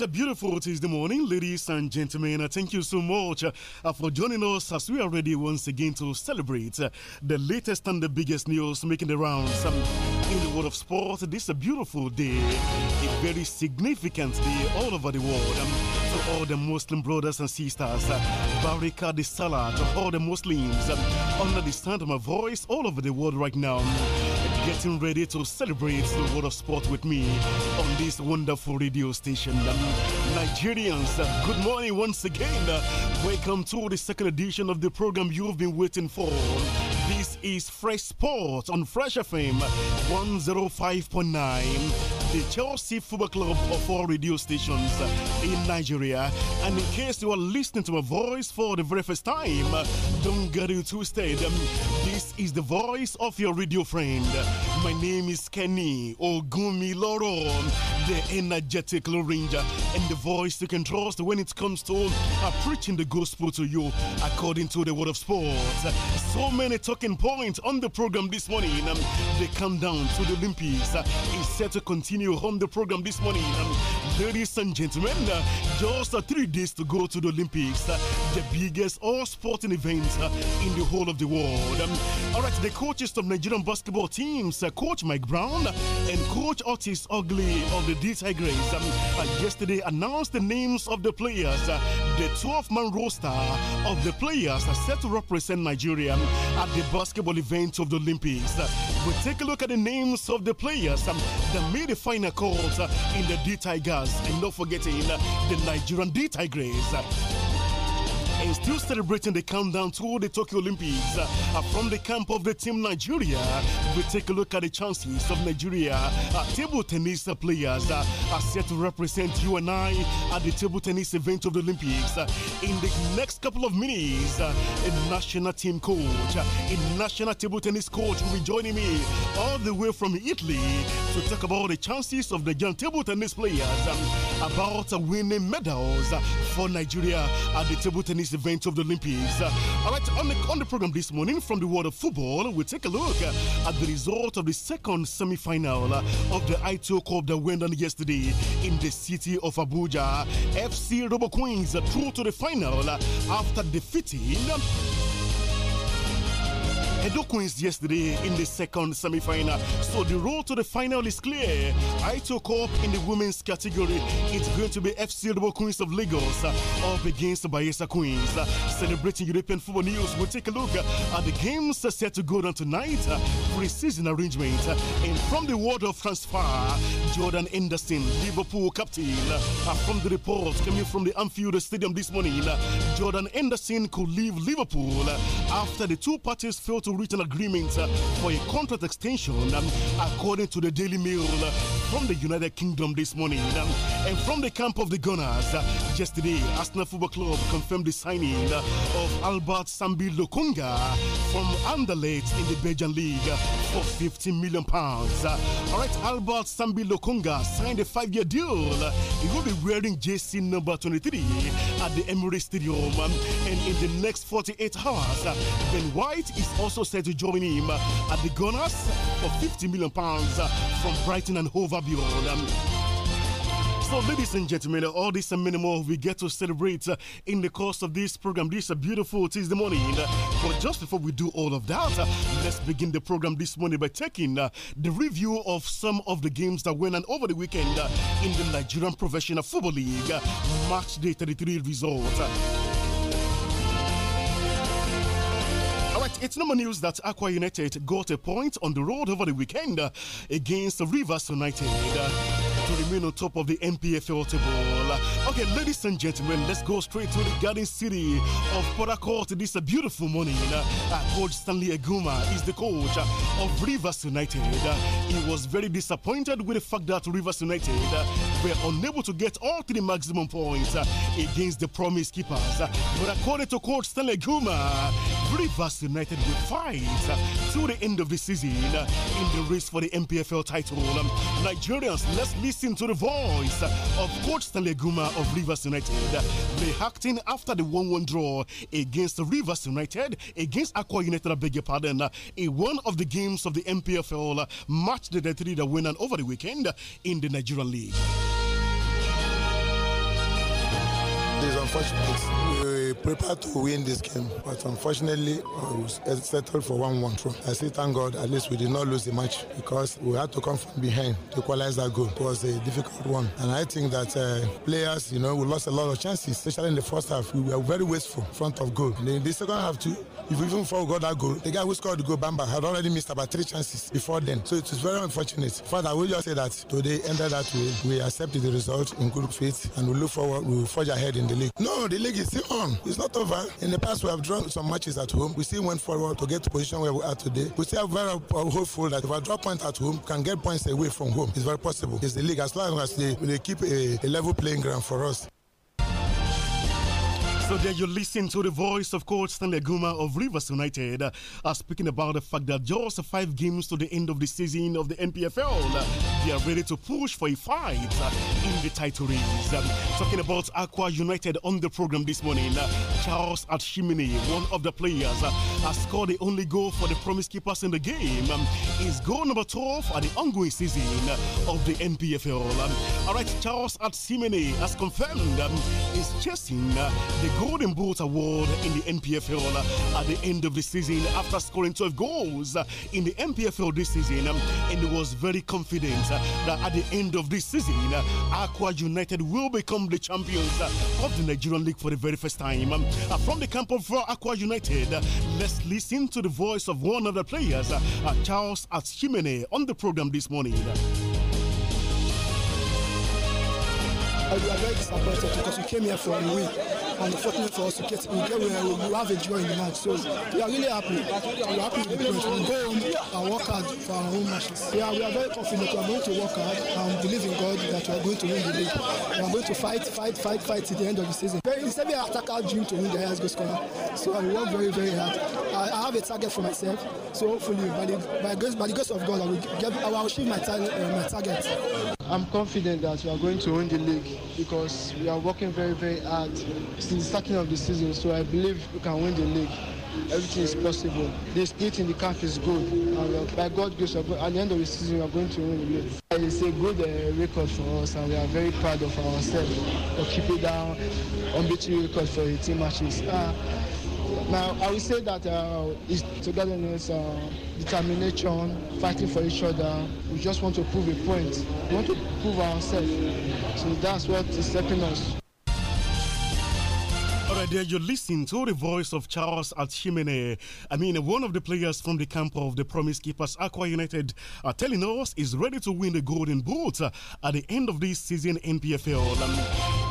It's a beautiful Tuesday morning, ladies and gentlemen. Thank you so much uh, for joining us as we are ready once again to celebrate uh, the latest and the biggest news making the rounds um, in the world of sports. This is a beautiful day, a very significant day all over the world um, to all the Muslim brothers and sisters. Uh, Barika the Salah to all the Muslims um, under the sound of my voice all over the world right now getting ready to celebrate the world of sport with me on this wonderful radio station. Nigerians, good morning once again. welcome to the second edition of the program you've been waiting for is Fresh Sports on Fresh FM 105.9, the Chelsea Football Club of all radio stations in Nigeria. And in case you are listening to my voice for the very first time, don't get it twisted. This is the voice of your radio friend. My name is Kenny Ogumiloro the energetic ranger and the voice you can trust when it comes to preaching the gospel to you according to the word of sports. So many talking points point on the program this morning. Um, the countdown to the Olympics uh, is set to continue on the program this morning. Um, ladies and gentlemen, uh, just uh, three days to go to the Olympics, uh, the biggest all sporting event uh, in the whole of the world. Um, all right, the coaches of Nigerian basketball teams, uh, Coach Mike Brown and Coach Otis Ugly of the D Tigers, um, yesterday announced the names of the players. the 12 man roster of the players are set to represent Nigeria um, at the basketball basketball of the Olympics. We take a look at the names of the players that made the final calls in the D Tigers and not forgetting the Nigerian D Tigers and still celebrating the countdown to the Tokyo Olympics. Uh, from the camp of the team Nigeria, we take a look at the chances of Nigeria uh, table tennis players uh, are set to represent you and I at the table tennis event of the Olympics. Uh, in the next couple of minutes, uh, a national team coach, uh, a national table tennis coach will be joining me all the way from Italy to talk about the chances of the young table tennis players um, about winning medals for Nigeria at the table tennis event of the Olympics. Uh, all right, on the, on the program this morning from the world of football, we take a look uh, at the result of the second semi final uh, of the ITO Cup that went on yesterday in the city of Abuja. FC Robo Queens through to the final after defeating. Um, Edo Queens yesterday in the second semi final. So the road to the final is clear. I took up in the women's category. It's going to be FC Edo Queens of Lagos uh, up against Bayesa Queens. Uh, celebrating European football news, we'll take a look uh, at the games set to go down tonight. Pre season arrangement. And from the world of transfer, Jordan Anderson, Liverpool captain. From the report coming from the Anfield Stadium this morning, Jordan Anderson could leave Liverpool after the two parties failed to to reach agreement uh, for a contract extension, um, according to the Daily Mail uh, from the United Kingdom this morning. Um, and from the camp of the Gunners, uh, yesterday, Arsenal Football Club confirmed the signing of Albert Sambi Lokonga from Anderlecht in the Belgian League for 15 million pounds. All right, Albert Sambi Lokonga signed a five-year deal. He will be wearing JC number 23 at the Emirates Stadium, um, and in the next 48 hours, Ben White is also also to join him at the Gunners for 50 million pounds from Brighton and Hove Albion. Um, so, ladies and gentlemen, all this and many more we get to celebrate uh, in the course of this program. This is a beautiful Tuesday morning. Uh, but just before we do all of that, uh, let's begin the program this morning by taking the review of some of the games that went on over the weekend in the Nigerian Professional Football League Match Day 33 result. It's number news that Aqua United got a point on the road over the weekend uh, against Rivers United uh, to remain on top of the MPFL table. okay, ladies and gentlemen, let's go straight to the garden city of Port Harcourt this beautiful morning. Uh, coach Stanley Eguma is the coach of Rivers United. he was very disappointed with the fact that Rivers United were unable to get all three maximum points against the promise keepers. but according to coach Stanley Eguma, Rivers United will fight till the end of the season in the race for the MPFL title. Um, Nigerians, let's listen to the voice of Coach Teleguma of Rivers United reacting after the 1 1 draw against Rivers United, against Aqua United, I beg your pardon, in one of the games of the MPFL match the day 3 that went on over the weekend in the Nigerian League. This unfortunate we prepared to win this game, but unfortunately, we settled for 1 1 draw. I say, thank God, at least we did not lose the match because we had to come from behind to equalize that goal. It was a difficult one. And I think that uh, players, you know, we lost a lot of chances, especially in the first half. We were very wasteful in front of goal. And in the second half, too, if we even forgot that goal, the guy who scored the goal, Bamba, had already missed about three chances before then. So it was very unfortunate. Father, I will just say that today ended that way. We accepted the result in good faith and we look forward, we will forge ahead in the league. No, the league is still on. It's not over. In the past, we have drawn some matches at home. We still went forward to get to position where we are today. We still are very uh, hopeful that if I draw points at home, can get points away from home. It's very possible. It's the league. As long as they, they keep a, a level playing ground for us. So there you listen to the voice of coach Stanley Guma of Rivers United uh, speaking about the fact that just five games to the end of the season of the NPFL, uh, they are ready to push for a fight uh, in the title race. Um, talking about Aqua United on the program this morning, uh, Charles Atshimini, one of the players, uh, has scored the only goal for the promise keepers in the game. Um, is goal number 12 for the ongoing season uh, of the NPFL. Um, all right, Charles Atshimini has confirmed um, is chasing uh, the Golden Boot Award in the NPFL at the end of the season after scoring 12 goals in the NPFL this season and was very confident that at the end of this season, Aqua United will become the champions of the Nigerian League for the very first time. From the camp of Aqua United, let's listen to the voice of one of the players, Charles Atshimene, on the program this morning. and we are very disappointed because we came here for a win and unfortunately for us we get we get where we, we have a draw in the match so we are really happy we are happy with the point we go home and work hard for our own matches yeah we are very confident we are going to work hard and believe in God that we are going to win the league we are going to fight fight fight fight till the end of the season very it's every attacker dream to win the highest goal scorer so I work very very hard I, I have a target for myself so hopefully by the by grace by the grace of God I will get I will achieve my target uh, my target. I'm confident that we are going to win the league because we are working very, very hard since the starting of the season. So I believe we can win the league. Everything is possible. The spirit in the camp is good. And uh, by God's grace, at the end of the season, we are going to win the league. It's a good uh, record for us, and we are very proud of ourselves for keeping down unbeaten record for 18 matches. Uh, now, I would say that uh, it's togetherness, uh, determination, fighting for each other. We just want to prove a point. We want to prove ourselves. So that's what is helping us. All right, there you listen to the voice of Charles Atchimene. I mean, one of the players from the camp of the Promise Keepers, Aqua United, are uh, telling us is ready to win the Golden Boot uh, at the end of this season in PFL. Um,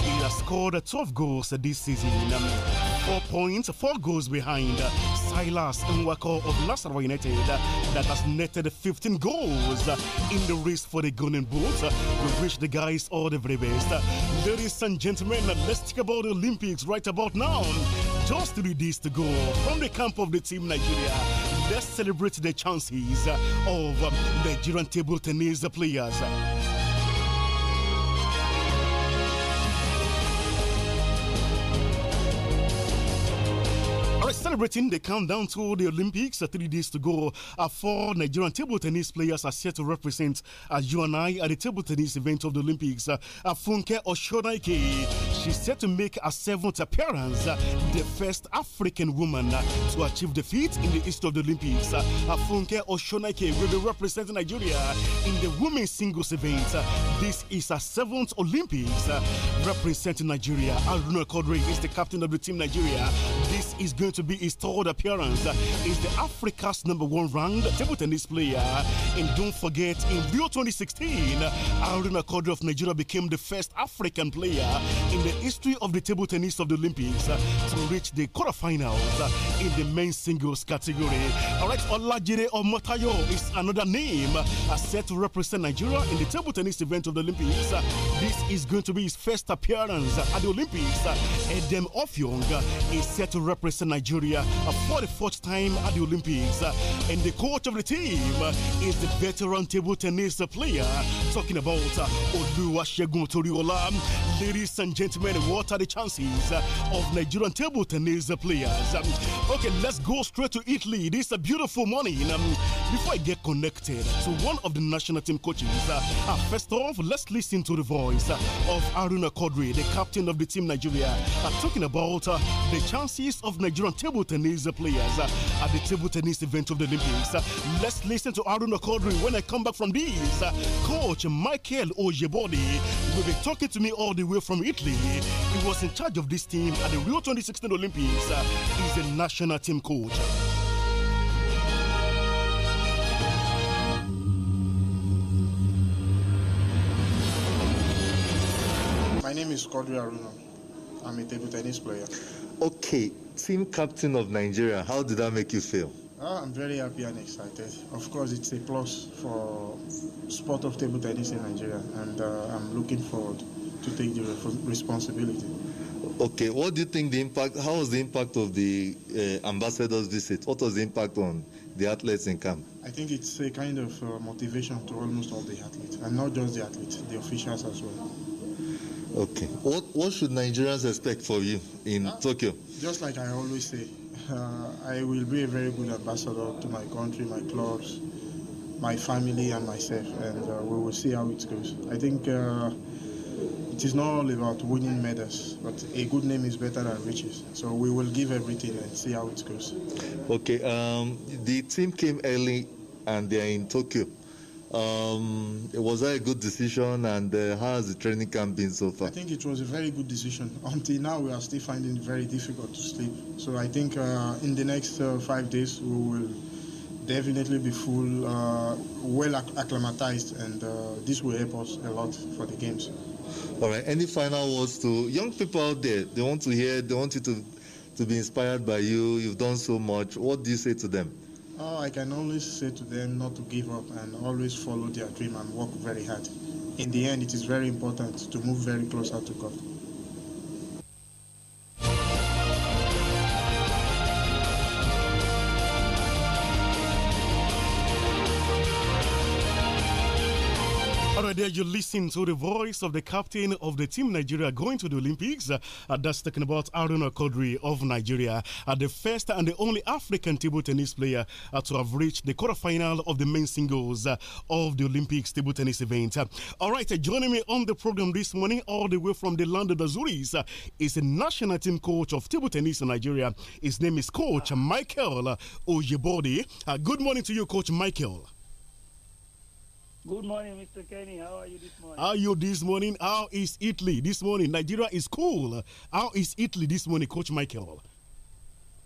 he has scored 12 goals this season. Um, four points, four goals behind uh, Silas Nwako of Nasarawa United uh, that has netted 15 goals uh, in the race for the Golden Boot. We wish the guys all the very best. Ladies and gentlemen, let's talk about the Olympics right about now. Just three days to go from the camp of the team Nigeria let's celebrate the chances of um, Nigerian table tennis players celebrating the countdown to the Olympics. Uh, three days to go. Uh, four Nigerian table tennis players are set to represent uh, you and I at the table tennis event of the Olympics. Uh, uh Funke Oshonaike, she's set to make her seventh appearance, uh, the first African woman uh, to achieve the feat in the history of the Olympics. Uh, uh, Funke Oshonaike will be representing Nigeria in the women's singles event. this is her seventh Olympics representing Nigeria. Aruna Kodri is the captain of the team Nigeria. This is going to be his third appearance. He's the Africa's number one ranked table tennis player. And don't forget, in Rio 2016, Aaron Kodri of Nigeria became the first African player in the history of the table tennis of the Olympics to reach the quarterfinals in the men's singles category. All right, Olajide Omotayo is another name set to represent Nigeria in the table tennis event of the Olympics. This is going to be his first appearance at the Olympics. Edem Ofyong is set to represent represent Nigeria uh, for the fourth time at the Olympics. Uh, and the coach of the team uh, is the veteran table tennis player, talking about Oluwasegun Toriola. Um, ladies and gentlemen, what are the chances of Nigerian table tennis players? Um, okay, let's go straight to Italy. This is a beautiful morning. Um, before I get connected to one of the national team coaches, first off, let's listen to the voice of Aruna Kodri, the captain of the team Nigeria, talking about the chances of Nigerian table tennis players uh, at the table tennis event of the Olympics. Uh, let's listen to Arun Okodri when I come back from this. Uh, coach Michael Ojebodi will be talking to me all the way from Italy. He was in charge of this team at the Rio 2016 Olympics. He's a national team coach. My name is Kodri Aruna. I'm a table tennis player. Okay, team captain of Nigeria, how did that make you feel? Oh, I'm very happy and excited. Of course, it's a plus for sport of table tennis in Nigeria, and uh, I'm looking forward to take the responsibility. Okay, what do you think the impact? How was the impact of the uh, ambassador's visit? What was the impact on the athletes in camp? I think it's a kind of uh, motivation to almost all the athletes, and not just the athletes, the officials as well. Okay. What what should Nigerians expect for you in uh, Tokyo? Just like I always say, uh, I will be a very good ambassador to my country, my clubs, my family, and myself, and uh, we will see how it goes. I think uh, it is not all about winning medals, but a good name is better than riches. So we will give everything and see how it goes. Okay. Um, the team came early, and they are in Tokyo. Um, was that a good decision? And uh, how has the training camp been so far? I think it was a very good decision. *laughs* Until now, we are still finding it very difficult to sleep. So I think uh, in the next uh, five days, we will definitely be full, uh, well acclimatized, and uh, this will help us a lot for the games. All right. Any final words to young people out there? They want to hear. They want you to to be inspired by you. You've done so much. What do you say to them? Oh, I can always say to them not to give up and always follow their dream and work very hard. In the end, it is very important to move very closer to God. right there, you listen to the voice of the captain of the team Nigeria going to the Olympics. Uh, that's talking about Aruna Kodri of Nigeria, uh, the first and the only African table tennis player uh, to have reached the quarterfinal of the men's singles uh, of the Olympics table tennis event. Uh, all right, uh, joining me on the program this morning, all the way from the land of the Zuris, is a national team coach of table tennis in Nigeria. His name is Coach Michael Ojebode. good morning to you, Coach Michael. Good morning, Mr. Kenny. How are you this morning? How are you this morning? How is Italy this morning? Nigeria is cool. How is Italy this morning, Coach Michael?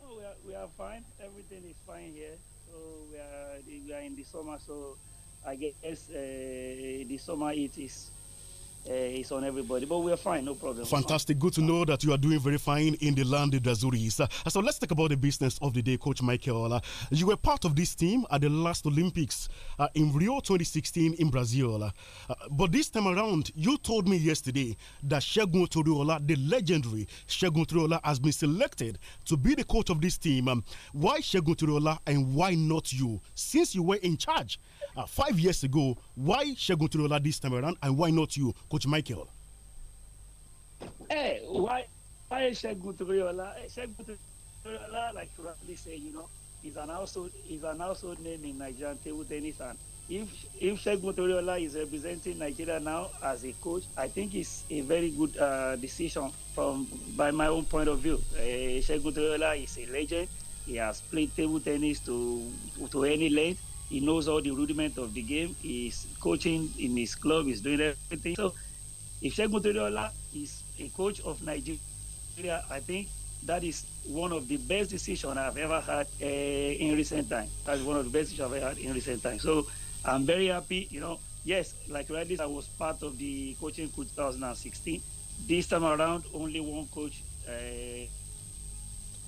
Oh, we are, we are fine. Everything is fine here. So we are we are in the summer. So I guess uh, the summer it is. Eh, it's on everybody, but we are fine, no problem. Fantastic. Good to know that you are doing very fine in the land of the Azuris. Uh, so let's talk about the business of the day, Coach Michael. you were part of this team at the last Olympics uh, in Rio 2016 in Brazil. Uh, but this time around, you told me yesterday that Shegun Toriola, the legendary Shegun Toriola, has been selected to be the coach of this team. Um, why Shegun Toriola and why not you? Since you were in charge uh, five years ago, why Shegun Toriola this time around and why not you? Coach Michael. Hey, why why is Shegun Toriola? Shegun Toriola, like you rightly say, you know, is an household is an household name in Nigerian table tennis, and if if Shegun Toriola is representing Nigeria now as a coach, I think it's a very good uh, decision from by my own point of view. Uh, Shegun Toriola is a legend. He has played table tennis to to any length he knows all the rudiment of the game. He's coaching in his club. He's doing everything. So if Shegun Toriola is a coach of Nigeria, I think that is one of the best decisions I've ever had uh, in recent time. That's one of the best decisions I've ever had in recent time. So I'm very happy. You know, yes, like rightly, I was part of the coaching coup 2016. This time around, only one coach uh,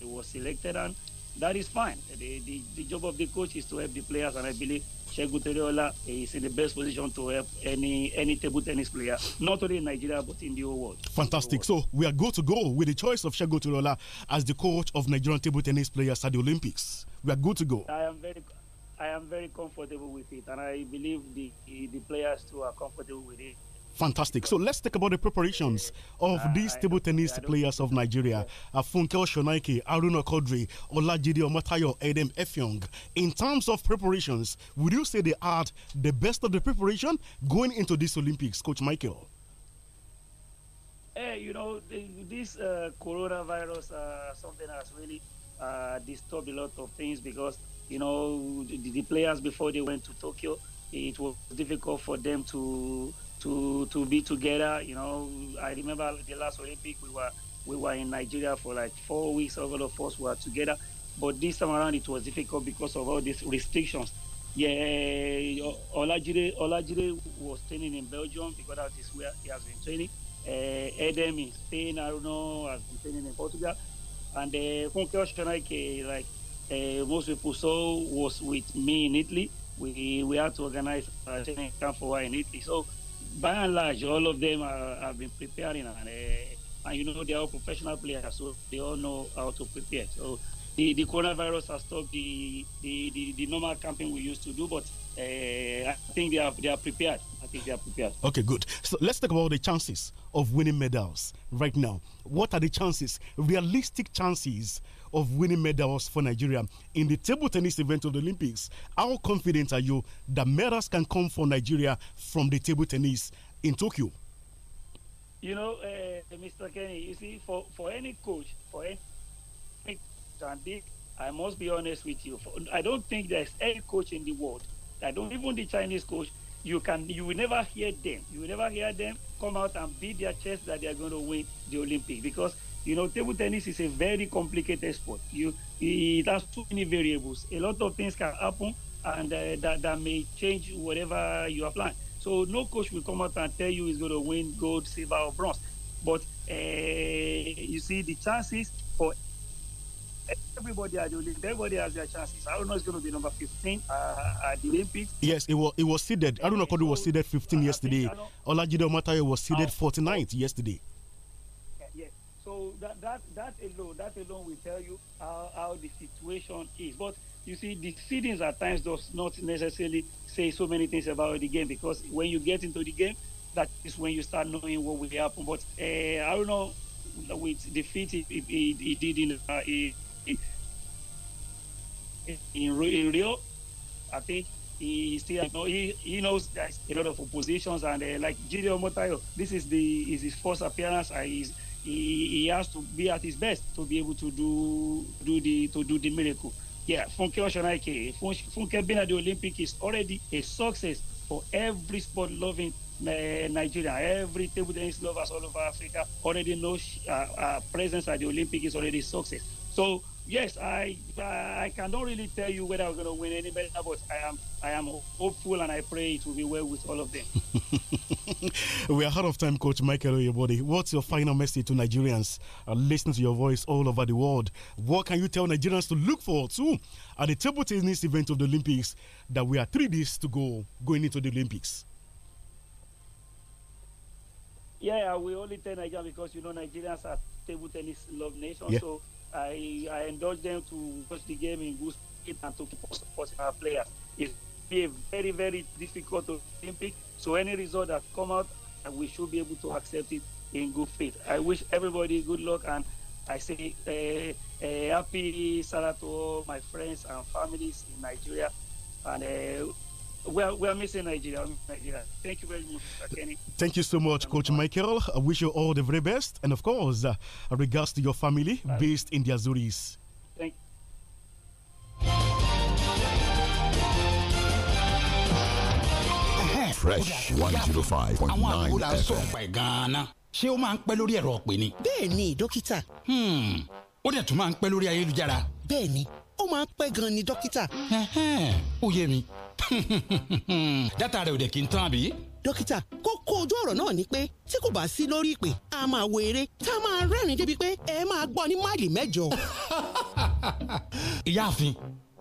was selected, and that is fine. The, the, the, job of the coach is to help the players, and I believe Shegu is in the best position to help any any table tennis player, not only in Nigeria but in the whole world. Fantastic. world. So we are good to go with the choice of Shegu as the coach of Nigerian table tennis players at the Olympics. We are good to go. I am very. I am very comfortable with it, and I believe the the players too are comfortable with it. Fantastic. So let's talk about the preparations of uh, these table tennis players of Nigeria. Uh, Funke Oshonaike, Aruna Kodri, Olajide Omotayo, Edem Efyong. In terms of preparations, would you say they had the best of the preparation going into this Olympics, Coach Michael? Hey, eh, you know, this uh, coronavirus, uh, something has really uh, disturbed a lot of things because, you know, the, the players before they went to Tokyo, it was difficult for them to to to be together. You know, I remember the last Olympic we were we were in Nigeria for like four weeks. All of us were together, but this time around it was difficult because of all these restrictions. Yeah, Olajide Olajide was training in Belgium because that is where he has been training. Uh, eh, is in Spain, I don't know, has been training in Portugal, and uh, Funke Oshanaike, like uh, eh, most people saw, was with me in Italy. We we had to organize a training camp for her in Italy, so by and large, all of them are, have been preparing, and, uh, and you know they are all professional players, so they all know how to prepare. So the, the coronavirus has stopped the, the, the, the normal camping we used to do, but uh, I think they are they are prepared. I think they are prepared. Okay, good. So let's talk about the chances of winning medals right now. What are the chances, realistic chances of winning medals for Nigeria in the table tennis event of the Olympics. How confident are you that medals can come for Nigeria from the table tennis in Tokyo? You know, uh, Mr. Kenny, you see, for, for any coach, for any coach, I must be honest with you. I don't think there's any coach in the world. I don't even the Chinese coach. You can you will never hear them. You will never hear them come out and beat their chest that they are going to win the Olympics because you know, table tennis is a very complicated sport. You it has too many variables. A lot of things can happen, and uh, that, that may change whatever you are planning. So no coach will come out and tell you he's going to win gold, silver, or bronze. But uh, you see, the chances for everybody at the Olympics, everybody has their chances. I don't know it's going to be number 15 uh, at the Olympics. Yes, it was it was seeded. I don't know. Kodu was seeded 15 yesterday. Olajide Omatayo was seeded 49th yesterday. So that, that, that alone, that alone will tell you how, how the situation is. But you see, the seedings at times does not necessarily say so many things about the game because when you get into the game, that is when you start knowing what will happen. But uh, I don't know with defeat he, he did in, uh, in, in Rio. I think he still you know, he, he knows there's a lot of oppositions and uh, like Gideon Motayo, this is the is his first appearance. Uh, he's he, he has to be at his best to be able to do do the to do the miracle. Yeah, Funke Oshonaike, Funke being at the Olympic is already a success for every sport loving eh, Nigeria. Every table tennis lovers all over Africa already know uh, presence at the Olympic is already a success. So yes, I I cannot really tell you whether I'm going to win any better, but I am I am hopeful and I pray it will be well with all of them. *laughs* we are out of time, Coach Michael Oyebode. What's your final message to Nigerians uh, listening to your voice all over the world? What can you tell Nigerians to look forward to at the table tennis event of the Olympics that we are three days to go going into the Olympics? Yeah, we only tell Nigeria because you know Nigerians are table tennis love nation, yeah. so I, I endorse them to watch the game in good spirit and to keep supporting our players. It's be a very, very difficult Olympic. So any result that come out, uh, we should be able to accept it in good faith. I wish everybody good luck and I say uh, uh, happy Salah to all my friends and families in Nigeria and uh, well, we are missing Nigeria. Nigeria. Thank you very much, Kenny. Thank you so much, Coach Michael. I wish you all the very best, and of course, uh, regards to your family based in the Azores. Thank. Fresh one zero oh five point nine FM. ṣé ó máa ń pẹ́ lórí ẹ̀rọ ọ̀pẹ ni. bẹ́ẹ̀ dókítà. Hmm. ó dẹ̀ tún máa ń pẹ́ lórí ayélujára. bẹ́ẹ̀ ó máa ń pẹ́ gan ni dókítà. ó yé mi *laughs* dátà rẹ̀ ò dẹ̀ kí n tán àbí. dókítà kókó ojú ọ̀rọ̀ náà ni pé tí kò bá sí lórí ìpè a máa wo eré tá a máa rẹ́rìn-ín débi pé ẹ máa gbọ́ ní máìlì mẹ́jọ. *laughs* ìyáàfin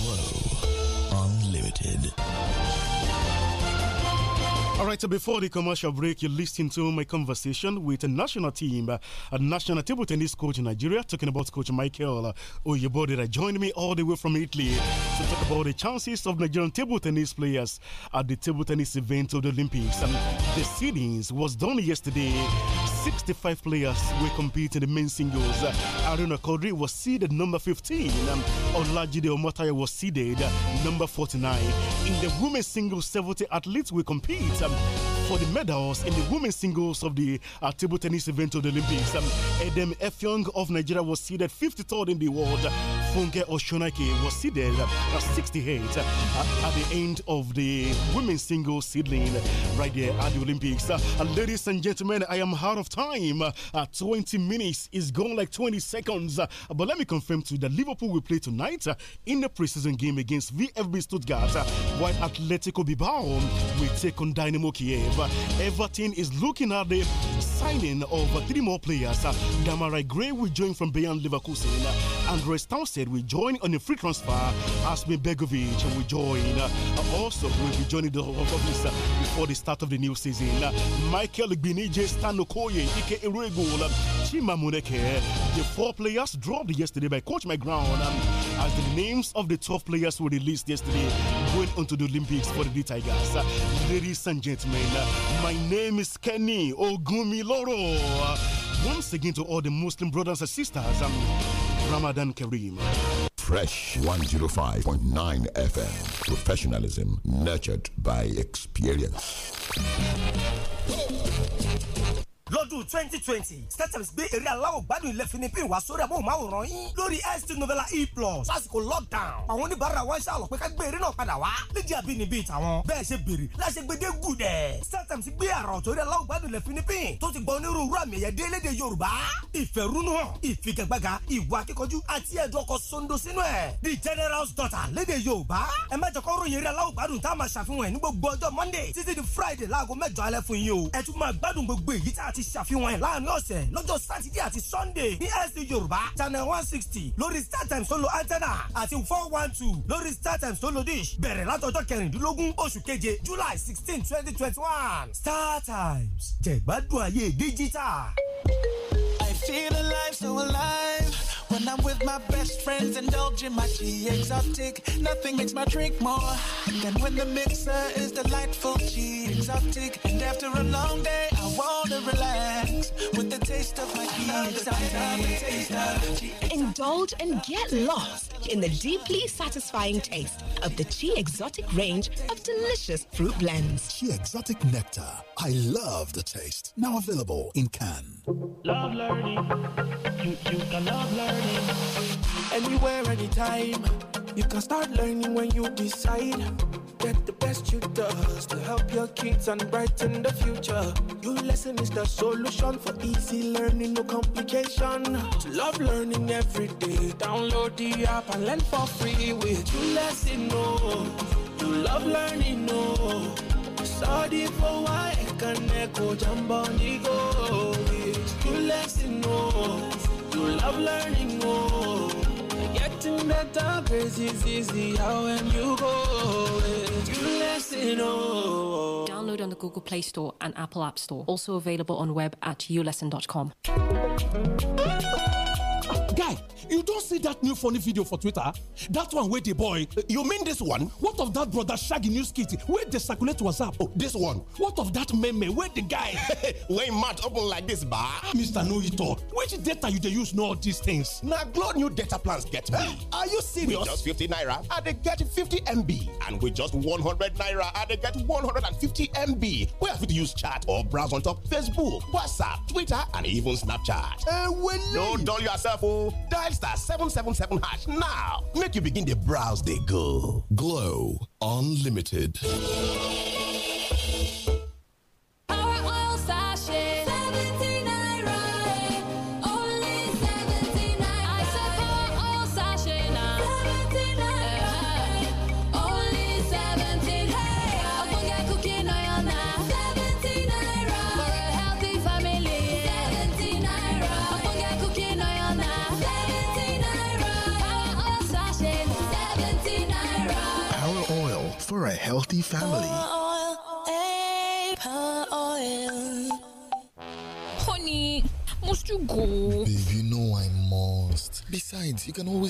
Glow Unlimited. All right, so before the commercial break, you're listening to my conversation with a national team, a national table tennis coach in Nigeria, talking about Coach Michael Oyebode that joined me all the way from Italy to talk about the chances of Nigerian table tennis players at the table tennis event of the Olympics. And the seedings was done yesterday. 65 players will compete in the main singles. Uh, Aruna Kodri was seeded number 15. Um, Olajide Omotaya was seeded number 49. In the women's singles, 70 athletes will compete. Um, for the medals in the women's singles of the uh, table tennis event of the Olympics. Um, Edem Efyong of Nigeria was seeded 53rd in the world. Funke Oshunake was seeded uh, 68 uh, at the end of the women's singles seedling right there at the Olympics. Uh, ladies and gentlemen, I am out of time. Uh, uh, 20 minutes is gone like 20 seconds. Uh, but let me confirm to you that Liverpool will play tonight uh, in the preseason game against VFB Stuttgart, while Atletico Bilbao will take on Dynamo Kiev. Everton is looking at the signing of three more players. Damarai Gray will join from Bayern Leverkusen. Andres Townsend will join on a free transfer. Asmin Begovic will join. Also, will be joining the office before the start of the new season. Michael Gbinije Stanokoye Chima Muneke. The four players dropped yesterday by Coach McGraw, um, as the names of the 12 players were released yesterday going onto the Olympics for the Tigers. Uh, ladies and gentlemen, uh, my name is Kenny Ogumiloro. Uh, once again to all the Muslim brothers and sisters, um, Ramadan Kareem. Fresh 105.9 FM. Professionalism nurtured by experience. ọdún twenty twenty startimes gbé eré aláwọ̀ gbádùn ilẹ̀ philippine wá sórí amóhùnmáwòrán yín lórí st Novela e plus lásìkò lockdown àwọn oníbàárà wa ń ṣàlọ̀ pé ká gbé eré náà padà wá lédi àbínibí ìtàwọn bẹ́ẹ̀ ṣe béèrè láṣẹ gbẹdẹ gùdẹ̀ startimes gbé àrà ọ̀tọ̀ eré aláwọ̀ gbádùn ilẹ̀ philippine tó ti gba onírúurú àmì ẹ̀yẹ dé léde yorùbá ìfẹ̀rúnúhàn ìfigagbága ìwà akíkanjú àti ẹ̀dùn ọkọ̀ sondo sínú ẹ̀ the general's daughter léde yorùbá ẹ má jẹ́ kó ròyìn eré aláwọ̀ gbádùn tá a máa ṣàfihàn ẹ̀ ní gbogbo ọjọ́ monday títí di friday láago mẹ́jọ alẹ́ fún yín o ẹ tún máa gbádùn gbogbo èyí tá a ti ṣàfihàn ẹ̀ láàrin ọ̀sẹ̀ lọ́jọ́ sátidé àti sunday ní ST yorùbá channel one sixty lórí startimes tó lo antenna àti four one two lórí startimes tó lo dish bẹ̀rẹ̀ látọjọ́ kẹrìndínlógún oṣù keje july sixteen twenty twenty one startimes jẹ̀gbádùn ayé díjítà. I feel alive so alive. When I'm with my best friends, indulging my tea exotic. Nothing makes my drink more than when the mixer is delightful, tea exotic. And after a long day, I wanna relax with the taste of my tea exotic. Indulge and get lost in the deeply satisfying taste of the Chi Exotic range of delicious fruit blends. Chi Exotic Nectar. I love the taste. Now available in can. Love learning. You, you can love learning. Anywhere, anytime. You can start learning when you decide. Get the best you does to help your kids and brighten the future. Your lesson is the solution for easy learning, no complication. To love learning every day. Download the app and learn for free with your lesson. No, you love learning. No, study for why I can echo jumbo. Go with lesson. No love learning more. Getting better, grace is easier when you go. Download on the Google Play Store and Apple App Store. Also available on web at ulesson.com. Guy. You don't see that new funny video for Twitter? That one with the boy, you mean this one? What of that brother Shaggy news skit? Where dey circulate WhatsApp? Oh, this one. What of that meme Where the guy *laughs* wey im open like this ba? Mr. Noito, which data you dey use know all these things? Na Glo new data plans get me. Are you serious? With just 50 naira, I they get 50 MB. And with just 100 naira, I they get 150 MB. Where have fit use chat or browse on top Facebook, WhatsApp, Twitter and even Snapchat. Uh, well, no dull yourself oh. Dial star 777 hash now make you begin to browse the go. Glow Unlimited.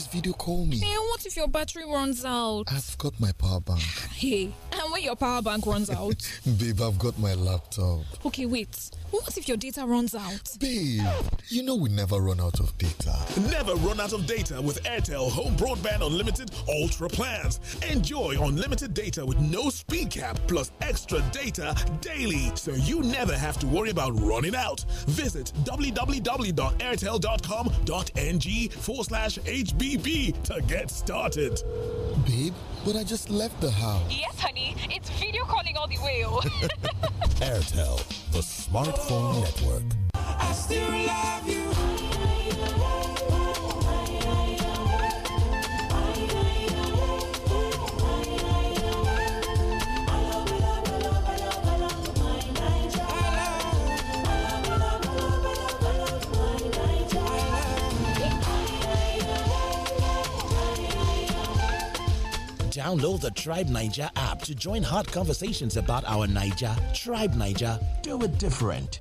video call me your battery runs out? I've got my power bank. Hey, and when your power bank runs out? *laughs* Babe, I've got my laptop. Okay, wait. What if your data runs out? Babe, you know we never run out of data. Never run out of data with Airtel Home Broadband Unlimited Ultra plans. Enjoy unlimited data with no speed cap plus extra data daily so you never have to worry about running out. Visit www.airtel.com.ng forward slash HBB to get started it. Babe, but I just left the house. Yes, honey. It's video calling all the way. *laughs* Airtel, the smartphone oh, network. Download the Tribe Niger app to join hot conversations about our Niger. Tribe Niger, do it different.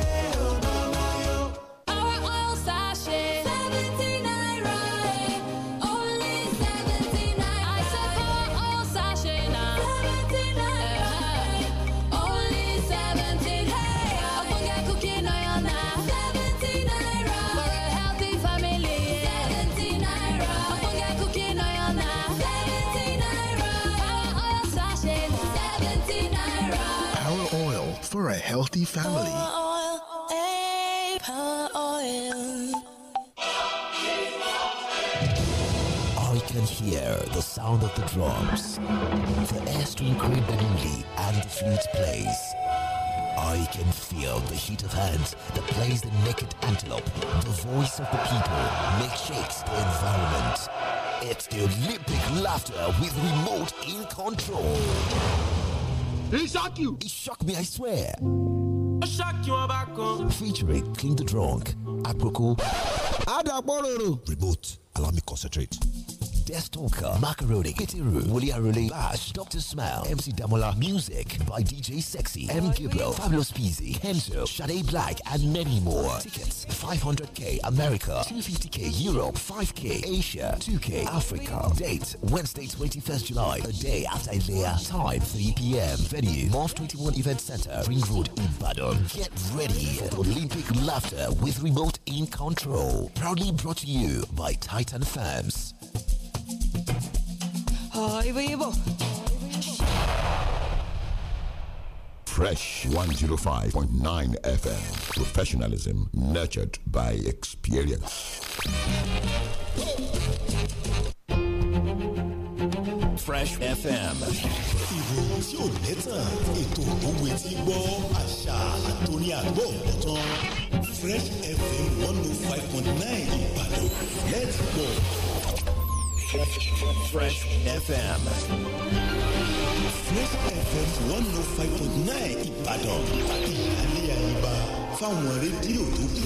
a healthy family. I can hear the sound of the drums, the airstream creep bellingly, and the flute plays. I can feel the heat of hands that plays the naked antelope. The voice of the people shakes the environment. It's the Olympic laughter with remote in control. He shock you. He shocked me, I swear. Featuring Clean the Drunk, Aproko, Adaporo, Remote, allow me concentrate. Death Talker, Macaroni, Kitiru, Wooly Aruli, Bash, Dr. Smile, MC Damola, Music by DJ Sexy, M. Gibro, Fabulous Peasy, Henzo, Sade Black, and many more. Tickets 500k America, 250k Europe, 5k Asia, 2k Africa. Date Wednesday, 21st July, a day after Ilea. Time 3 p.m. Venue Morph 21 Event Center, Ring Road, Ibadan. Get ready for Olympic laughter with remote in control. Proudly brought to you by Titan Fans. Ay, vivo. Fresh 105.9 FM. Professionalism nurtured by experience. Fresh FM. ìròyìn tí ò lẹ́tàn ètò òwe tí gbọ́ àṣà àtòrí àgbọ̀ ọ̀tán Fresh FM one oh five point nine Ìbàdàn let's go. Fresh FM. Fresh FM one oh five point nine Ìbàdàn ìyáálé àyíbá fáwọn rédíò tó kù.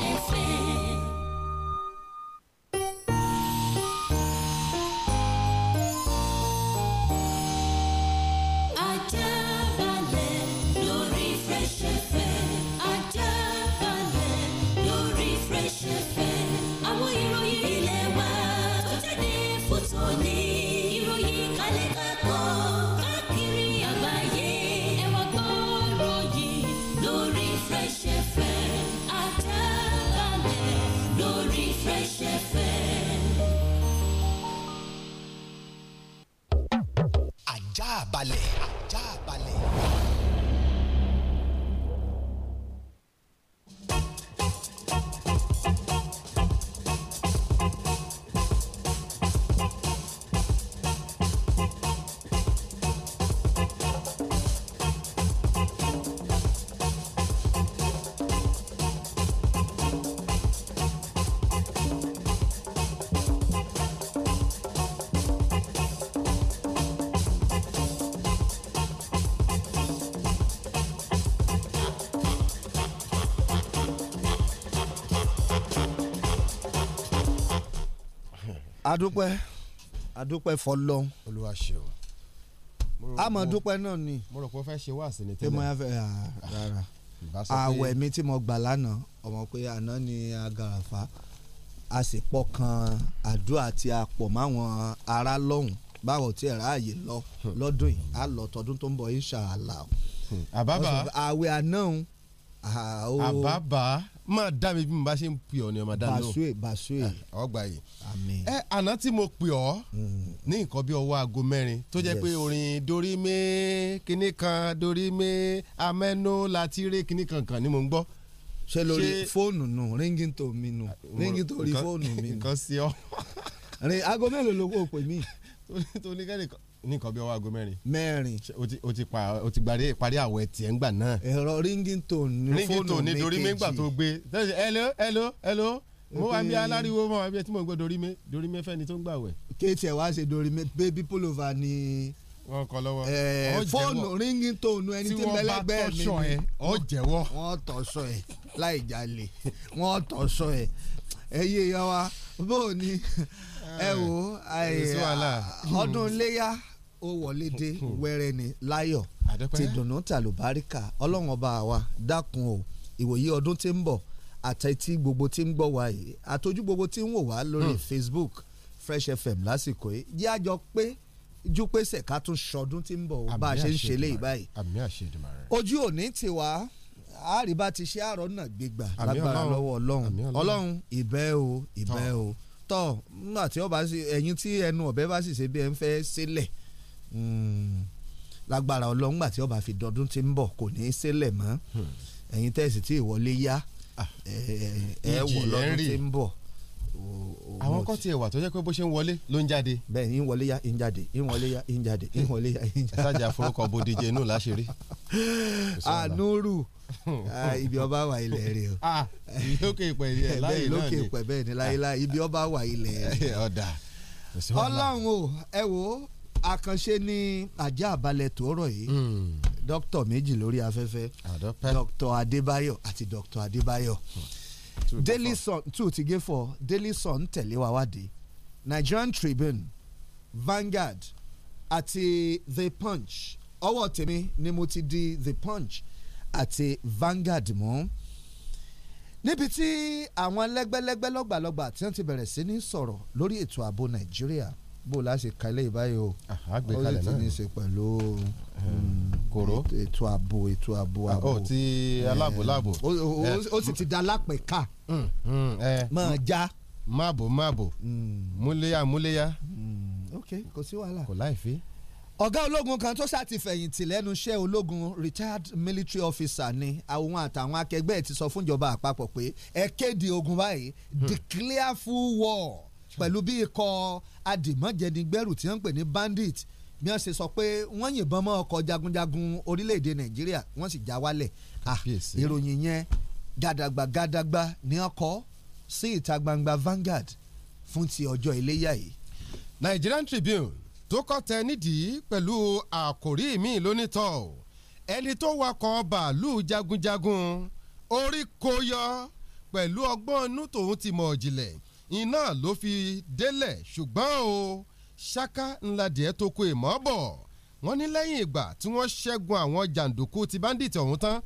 adúpẹ́ adúpẹ́ fọlọ́n. olúwa ṣe o. àmọ́ dúpẹ́ náà ni. mo rò pé o fẹ́ ṣe wáàsí ni tẹ́lẹ̀. tí mo yà fẹ́ rárá àwẹ̀ mi tí mo gbà lánàá ọmọ pé àná ni agàràfà a sì pọ̀ kan àdúrà tí a pọ̀ máwọn ará lọ́hùn báwo tí ẹ̀ ráàyè lọ lọ́dún yìí á lọ tọdún tó ń bọ̀ insha Allah. àbábà àwẹ̀ àná àbábà máa dá mi bí mo bá ṣe ń pè ọ́ ni ọmọ dá basue basue ọgbà yìí àmín ẹ àná tí mo pè ọ́ hmm. ní nǹkan bí ọwọ́ aago mẹ́rin tó jẹ́ pé orin dorí mi kinní kan dorí mi amẹ́nu láti rí kinní kankan ni mo ń gbọ́ ṣe lórí fóònù nù ríngìntò mi nù ríngìntò rí fóònù mi nù nǹkan sí ọ. aago mélòó ló kó pè mí. *laughs* tó ní kẹ́lẹ́ kan ní bí ọwọ́ aago mẹ́rin. mẹ́rin. o ti o ti gbàdé parí àwọ̀ ẹ̀tì ẹ̀ náà. ẹ̀rọ ringtone ní fóònù mi kejì. ringtone ní dorí mi tó gbé. hello hello hello mo wá bí aláriwo mọ ẹbí tí mo gbọ́ dorí mi fẹ́ni tó ń gbà wẹ̀. kéètì ẹ̀ wá ṣe dorí baby pullover ni wọn kọ lọ́wọ́. ẹẹ fóònù ringtone ẹni tí mẹlẹgbẹ mi ni ọ jẹ́wọ́. wọn tọṣọ ẹ ọdún léyà ó wọlé dé hmm, hmm. wẹ́rẹ́ ni láyọ̀ ti dùnú tàlùbáríkà ọlọ́run ọba wa dákun o ìwòye ọdún tí ń bọ̀ àtẹ̀tí gbogbo tí ń gbọ́ wa yìí àtọ́jú gbogbo tí ń wò wá lórí hmm. Facebook Fresh FM lásìkò yìí jẹ́ àjọ pé ju pé ṣèkà tún ṣọdún tí ń bọ̀ bá a ṣe ń ṣe léyìí báyìí ojú òní ti wá àríbá ti ṣe àárọ̀ náà gbégbà lágbára lọ́wọ́ ọlọ́run ọlọ́run ìbẹ́ o ìbẹ́ o tọ́ nígbà tí ẹ̀yin tí ẹnu ọ̀bẹ bá sì ṣe bí ẹ ń fẹ́ sílẹ̀ Hmm. lágbára ọlọ́run gbà tí ọba fi dọdún tí ń bọ̀ kò ní í sílẹ̀ mọ́ hmm. ẹ̀yin tẹ̀sí tí ìwọlé yá ah, ẹ wọ̀ lọ́dún tí ń bọ̀ àwọn kan ti ẹ̀wà tó jẹ́ pé bó ṣe ń wọlé ló ń jáde. bẹ́ẹ̀ ni ń wọlé ya ń jáde ń wọlé ya ń jáde ń wọlé ya ń jáde. sájà forúkọ bodije inú láṣìírí. ànúrù hmm. ah, ibi ọba wà ilẹ̀ rẹ o. Ah, lókè ìpẹ́ ẹ̀ *laughs* láyé náà ni lókè ìpẹ́ bẹ́ẹ̀ ni láyé láyé ibi ọba wà ilẹ̀ rẹ. *laughs* ọ̀dà. ọlọ́run o ẹ wo àkànṣe ni ajá àbálẹ̀ tòórọ̀ yìí hmm. dókítà méjì lórí afẹ́fẹ́ dókítà adébáyọ̀ àti dókítà adébáyọ̀ daily sun two ti gé fọ daily sun tẹ̀lé wa wádìí nigerian tribune vanguard àti the punch ọwọ́ tèmi ni mo ti di the punch àti vanguard mọ́ níbi tí àwọn lẹ́gbẹ́lẹ́gbẹ́ lọ́gbàlọ́gbà tí wọ́n ti bẹ̀rẹ̀ sí ní sọ̀rọ̀ lórí ètò ààbò nàìjíríà bó o láṣẹ ka ilé ìbáyìí o ó sì ti ní í ṣe pẹ̀lú mm, kòró ètò ààbò ètò ààbò ah, ààbò ó ti aláàbòláàbò eh, ó sì ti da lápẹ̀ká mm, mm, eh. máa já máàbò máàbò múléyà múléyà. ok kò sí wàhálà kò láì fi ọ̀gá ológun kan tó ṣàtìfẹ̀yìntì lẹ́nu iṣẹ́ ológun retired military officer ni àwọn àtàwọn akẹgbẹ́ ti sọ fúnjọba àpapọ̀ pé ẹ kéde ogun báyìí hmm. declare full war pẹ̀lú bí ikọ̀ adìmọ́jẹnigbẹ́rù tí wọ́n ń pè ní bandit bí wọ́n ṣe sọ pé wọ́n yìnbọn mọ́ ọkọ̀ jagunjagun orílẹ̀-èdè nàìjíríà wọ́n sì já wálẹ̀ ìròyìn yẹn gàdàgbà gàdàgbà ni wọ́n sí ìta gbangba Vanguard fún ti ọjọ́ iléyà yìí. Nigerian Tribune tó kọ́ tẹ nídìí pẹ̀lú àkòrí mi lónítọ̀ ẹni tó wakọ̀ bàálù jagunjagun orí kò yọ pẹ̀lú ọgbọ́n inú tòun ti mọ̀ jìnlẹ̀ iná ló fi délẹ̀ ṣùgbọ́n o ṣáká ńlá díẹ̀ tó kó ìmọ̀ bọ̀ wọ́n ní lẹ́yìn ìgbà tí wọ́n ṣẹ́gun àwọn jàǹdùkú ti báńdíìtì ọ̀hún tán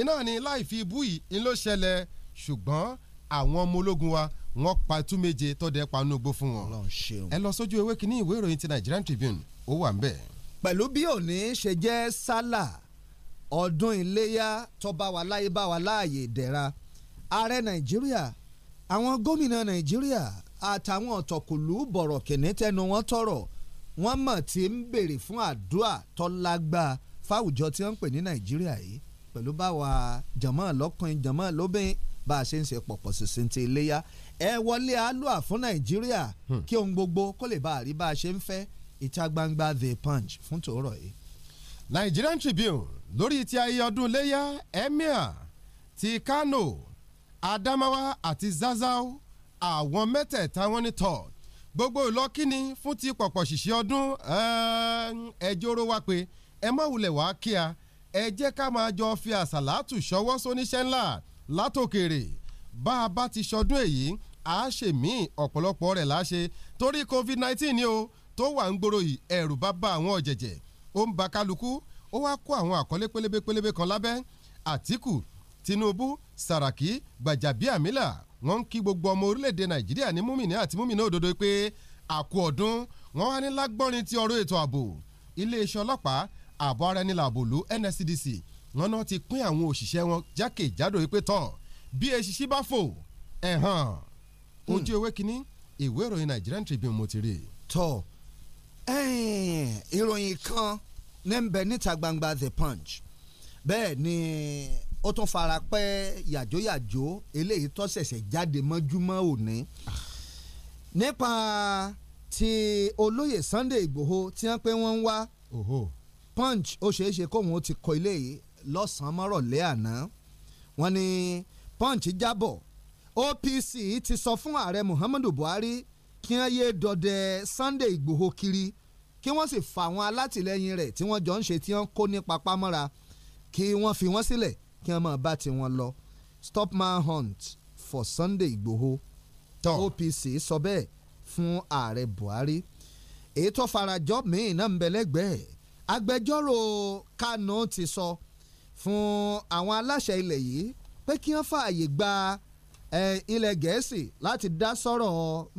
iná ni láì fi ibú yìí ńlọ ṣẹlẹ̀ ṣùgbọ́n àwọn ọmọ ológun wa wọ́n pa tú méje tọ́dẹ̀ panúgbó fún wọn. ẹ lọ sójú ewé kínní ìwé ìròyìn ti Nigerian Tribune ó wà ń bẹ̀. pẹ̀lú bí òní ṣe jẹ́ sálà ọdún iléyà tó bá wa láyé bá wa láàyè dẹ̀ra ààrẹ Nàìjíríà àwọn gómìnà nàìjíríà àtàwọn ọ̀tọ̀kùlú bọ̀rọ̀ kìnní tẹnu wọn tọrọ wọn mọ̀ tí ń béèrè fún àdúrà tọ́lágbá fáwùjọ tí wọ́n ń pè ní nàìjíríà yìí pẹ̀lú báwa jàmọ́ lọ́kùnrin jàmọ́ lóbìn bá a ṣe ń ṣe pọ̀pọ̀ sísìn ti iléyà ẹ wọlé alúà fún nàìjíríà hmm. kí ohun gbogbo kó lè bá a rí bá a ṣe ń fẹ́ ìta gbangba the punch fún tòórọ̀ yìí. Nigerian Tribune lórí ti ayé ọdún iléyà emir ti Kano Adamawa àti Zazzau àwọn mẹ́tẹ̀ẹ̀ta wọn ni tọ̀ gbogbo ìlọkíni fún ti pọ̀pọ̀ ṣìṣẹ́ ọdún ẹjọ́ oró wá pé ẹ má wulẹ̀ wá kí a ẹ jẹ́ ká máa jọ fi àsàlátù ṣọwọ́ sóníṣẹ́ ńlá látòkèrè bá a bá ti ṣọdún èyí a ṣe mí ọ̀pọ̀lọpọ̀ rẹ̀ láṣe torí covid nineteen ni o tó wà ń gbòòrò yìí ẹ̀rù bá bá àwọn ọ̀jẹ̀jẹ̀ ó ń ba kálukú ó wá kó àwọn àkọlé pélébé pélébé kan lábẹ́ Àtíkù Tinubu Sàràkí Gbàjàbíàmílà wọ́n ń kí gbogbo ọmọ orílẹ̀-èdè Nàìjíríà ní múmìnì àti múmìnì òdodo pé àkú ọdún wọ́n wá ní lágbọ́nrin ti ọ̀rọ̀ ètò ààbò iléeṣẹ́ ọlọ́pàá ààbò ara ẹni làbòlú NSCDC wọ́n náà ti pín àwọn òṣìṣẹ́ wọn jákèjádò pé tán bí eṣiṣi bá fò ẹ̀ hàn hmm. ojú ewé kínní ìwé ìròyìn Nigerian Tribune mo ti rí. tọ ìròyìn kan ní ń bẹ níta gbangba The Punch bẹ́ẹ̀ ni ó tún fara pẹ́ yàjóyàjó eléyìí tó ṣẹ̀ṣẹ̀ jáde mọ́júmọ́ òní nípa ti olóyè Sunday Ìgbòho tí wọ́n pé wọ́n ń wá punch ó ṣeéṣe kóun ó ti kọ ilé yìí lọ́sàn-án mọ́rọ̀lẹ́ àná wọ́n ní punch jábọ̀ OPC ti sọ fún ààrẹ Muhammadu Buhari kí wọ́n yéé dọdẹ Sunday Ìgbòho kiri kí wọ́n sì fa àwọn alátìlẹyìn rẹ̀ tí wọ́n jọ ń ṣe tí wọ́n kó nípa pamọ́ra kí wọ́n fi wọ́n sílẹ̀ kí wọ́n máa bá tiwọn lọ stop manhunt for Sunday Igboho OPC sọ bẹ́ẹ̀ fún ààrẹ Buhari èyí tó farajọ míì náà ń bẹ lẹ́gbẹ̀ẹ́ agbẹjọ́rò Kanu ti sọ fún àwọn aláṣẹ ilẹ̀ yìí pé kí wọ́n fààyè gba ilẹ̀ gẹ̀ẹ́sì láti dá sọ̀rọ̀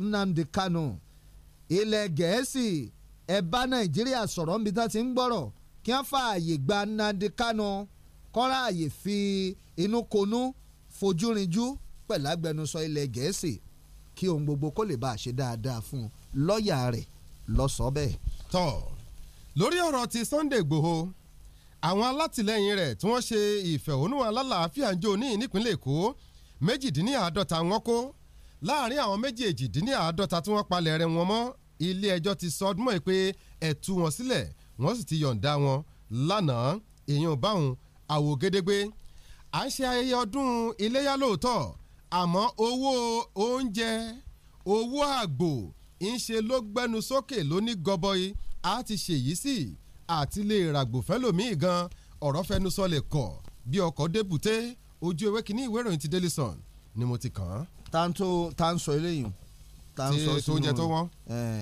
Nnamdi Kanu ilẹ̀ gẹ̀ẹ́sì ẹ̀ bá Nàìjíríà sọ̀rọ̀ níbi tá ti ń gbọ́rọ̀ kí wọ́n fààyè gba Nnamdi Kanu kọ́ra àyè fi inú konú fojúrinjú pẹ̀lú agbẹnusọ ilẹ̀ gẹ̀ẹ́sì kí ohun gbogbo kó lè bá a ṣe dáadáa fún un lọ́ọ̀yà rẹ̀ lọ́sọ̀ọ́ bẹ́ẹ̀. tọ́ lórí ọ̀rọ̀ ti Sunday Igboho àwọn alátìlẹyìn rẹ̀ tí wọ́n ṣe ìfẹ̀hónúhàn alálàáfíà ń jó ní ìpínlẹ̀ Èkó méjìdínláàádọ́ta wọn kó láàrin àwọn méjèèjìdínláàádọ́ta tí wọ́n palẹ̀ rẹ̀ wọn mọ́ ilé ẹjọ́ ti sọ ọdún mọ́ ẹ pé ẹ̀tú wọn sílẹ̀ wọ́n sì ti yọ̀ǹda wọn lánàá èèyàn báwọn àwògedegbe à ń ṣe ayẹyẹ ọdún iléyà lóòótọ́ àmọ́ owó oúnjẹ owó àgbò ń ṣe ló gbẹnu sókè lóní gọbọi a ti ṣèyí sí àti lè ràgbò fẹ́lòmíì gan ọ̀rọ̀ fẹnu sọlẹ̀ kọ̀ bí ọkọ̀ débùté ojú ewé kínní ìwé ìròyìn ti Daily Sun ni mo ti kàn án. ta ń sọ eléyìí ta ń sọ sínú rẹ oúnjẹ tó wọ́n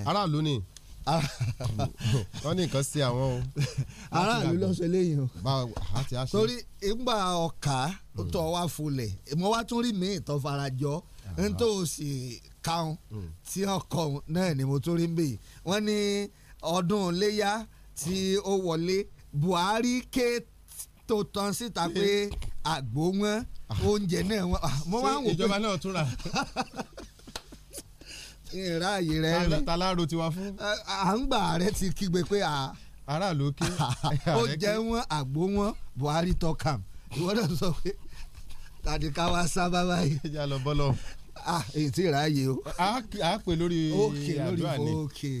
aráàlú ni. *laughs* wọ́n ní nǹkan sí àwọn o. *laughs* aráàlú lọ́sọ̀ eléyìí o. torí ìgbà ọ̀ka tó wá fulẹ̀ mo wá tún rí mi ìtọ́ farajọ ah. n tó sì káwọn hmm. tí ọkọ náà ni mo tún rí mi wọ́n ní ọdún léyà tí ó wọlé Buhari ké tó tán síta pé *laughs* àgbo wọn ah. oúnjẹ náà wọn. Ah, mo ìjọba náà tún ìráàyè rẹ. talaro tiwa fún. à ń gbà rẹ ti kígbe pé a. aráàlú ké. *laughs* ó jẹ́ wọ́n àgbo wọ́n Buhari tọ́kàm ìwọ náà sọ pé tàbí ká wá sábà báyìí. ẹ jà lọ bọ́lọ̀. ah èyí tí ìráàyè o. a pè lórí àdúrà ni. òkè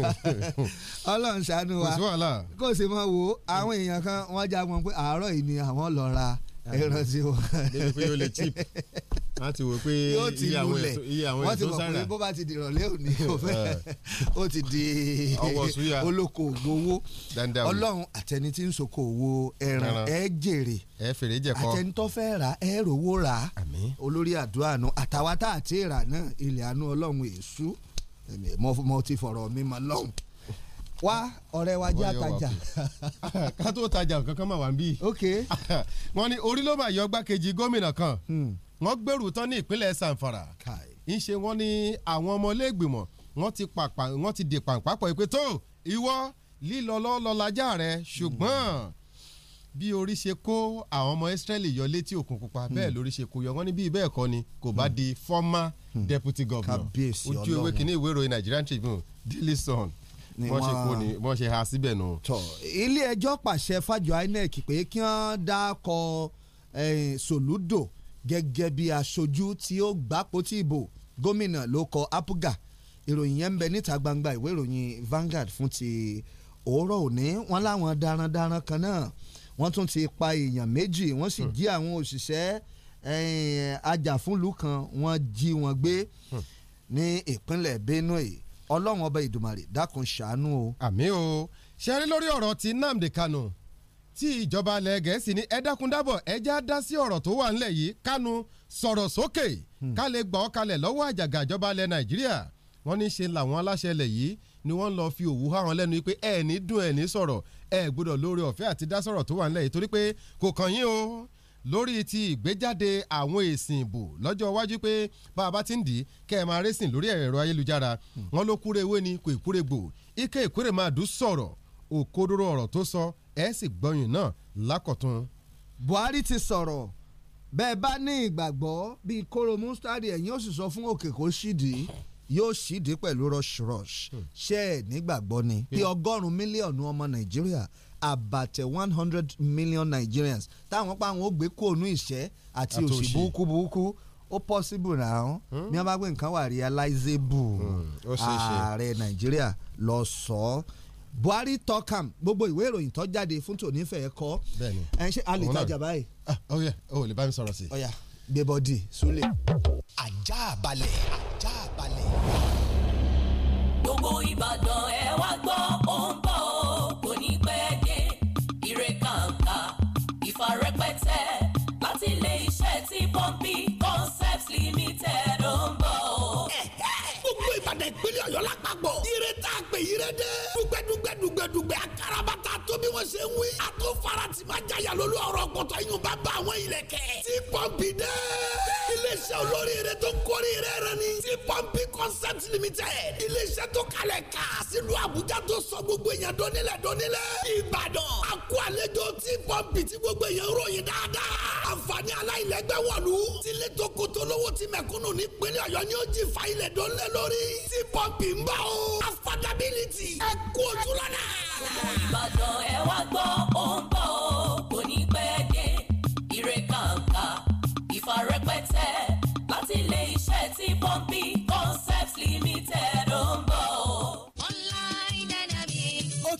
*laughs* ọlọ́run ṣàánú wa kò sí mọ́ wo àwọn èèyàn kan wọ́n já mọ́ pé àárọ̀ yìí ni àwọn lọ ẹran ti wọ. pé o lè chip wọ́n wò pé iye àwọn èso wọ́n ti mọ̀ pé bó bá ti di ìrọ̀lẹ́ òní ó ti di olóko ògbówó ọlọ́run àtẹni tí ń soko òwò ẹran ẹ jèrè àtẹni tó fẹ́ rà ẹ rówó rà olórí àdúrà nu àtàwátà àti ìrà náà ilẹ̀ àánú ọlọ́run èṣù mo ti fọ̀rọ̀ mi mọ́ lọ́hùn wá ọ̀rẹ́ wa jẹ́ àtajà. *laughs* ká tó tajà nǹkan kan mà wá ń bí. ok. *laughs* wọ́n ní orí ló máa yọ gbákejì gómìnà kan hmm. wọ́n gbèrú tán ní ìpínlẹ̀ sanfara ń ṣe wọ́n ní àwọn ọmọlẹ́gbìmọ̀ wọ́n ti pàpà wọ́n ti dè pàǹpà pọ̀ pé tó ìwọ lílọ lọ́lọ́lájà rẹ hmm. ṣùgbọ́n bí orí ṣe kó àwọn ọmọ Ísírẹ́lì yọ létí òkun pupa hmm. bẹ́ẹ̀ lórí ṣe kó yọ wọ́n ní bí bẹ́ẹ̀ kọ́ ni kò bá di former deputy governor ojú ewé kínní ìwé ìròyìn Nigerian Tribune Daily ni wọ́n ṣe kó ni wọ́n ṣe ha síbẹ̀ nù. tọ ilé ẹjọ́ pàṣẹ fájọ INEC pé kí wọ́n dákọ Soludo gẹ́gẹ́ bí aṣojú tí ó gbapò tí ìbò gómìnà ló kọ apuga ìròyìn yẹn ń bẹ níta gbangba ìwé ìròyìn Vanguard fún ti òórọ̀ òní wọ́n láwọn darandaran kan náà wọ́n tún ti pa èèyàn méjì wọ́n sì hmm. jí àwọn òṣìṣẹ́ ajàfúnlù kan wọ́n jí wọn gbé hmm. ní ìpínlẹ̀ Benue ọlọ́run ọba ìdùmarè dákun ṣàánú o. àmì o ṣe rí lórí ọ̀rọ̀ ti Nnamdi Kanu tí ìjọba ilẹ̀ gẹ̀ẹ́sì ní ẹ dákun dábọ̀ ẹ já dá sí ọ̀rọ̀ tó wà ńlẹ̀ yìí Kanu sọ̀rọ̀ sókè hmm. ká lè gbọ́ kalẹ̀ lọ́wọ́ àjàgà ìjọba ilẹ̀ Nàìjíríà wọ́n ní ṣe làwọn aláṣẹ ilẹ̀ yìí ni wọ́n lọ fi òwú hàn lẹ́nu pé ẹ̀ ní dùn ẹ̀ ní sọ̀rọ̀ ẹ̀ gbọ́dọ̀ lórí ọ̀fẹ́ àti dá sọ̀rọ̀ tó wà ńlẹ̀ yìí torí pé kò kàn yín o lórí ti ìgbéjáde àwọn èsì ìbò lọ́jọ́ iwájú pé bá a bá ti ń dì í kẹ́ ẹ̀ máa rẹ́sìn lórí ẹ̀rọ ayélujára wọn ló kúrè ewé ni kò ìkúrè gbò ike ìkúrè máa dùn sọ̀rọ̀ òkodoro ọ̀rọ̀ tó sọ ẹ̀ sì gbọ́yìn náà lákọ̀tún. Buhari ti sọ̀rọ̀ bẹ́ẹ̀ bá ní ìgbàgbọ́ bíi kóró mustard ẹ̀yìn ó sì sọ fún òkè kó ṣídìí yóò ṣídìí pẹ̀lú rush rush hmm. ṣé ẹ̀ nígbàgbọ́ ni bí ọgọ́rùn-ún mílíọ̀nù ọmọ Nàìjíríà about one hundred million Nigerians táwọn pa àwọn ó gbé kóònù ìṣẹ́ àti òṣì burúkú burúkú ó possible now bí wọ́n bá gbé nǹkan wà realizable hmm, ààrẹ Nàìjíríà lọ sọ ọ́ Buhari tọkam gbogbo ìwé ìròyìn tó jáde fún tòní fẹ́ kọ́ ẹ̀ ń ṣe a lè tajà báyìí. Ah, ó yẹ ó lè bá mi sọ̀rọ̀ sí i. gbẹbọdì súlẹ̀. ajá balẹ̀ ajá balẹ̀. gbogbo Ìbàdàn ẹ wá gbọ́ òun Ọ̀yọ́ lápapọ̀. Ire tá a pè yire dé. Dùgbẹ́ dùgbẹ́ dùgbẹ́ dùgbẹ́ akarabata tó bí ṣe ń wí. A tó farati ma jaya lólu ọ̀rọ̀ pọ̀tọ́ yín bá bá àwọn ìlẹ̀kẹ̀. Ti pọ́ǹpì dẹ́. Iléeṣẹ́ olórí rẹ̀ tó ń kórè rẹ̀ rẹ̀ ni. Ti pọ́ǹpì concept limited. Iléeṣẹ́ tó kalẹ̀ ká sílùú Àbújá tó sọ gbogbo èèyàn dọ́nilẹ̀ dọ́nilẹ̀. Ìbàdàn a kó àlejò ti pọ́ǹpì tí gbogbo èèyàn ròyìn dáadáa. Àǹfààní aláìlẹ́gbẹ́ wọ̀lú. Tilé lówó pì ń bọ̀ o. affordability ẹ kú ojú Ìbàdàn ẹ wá gbọ́ òun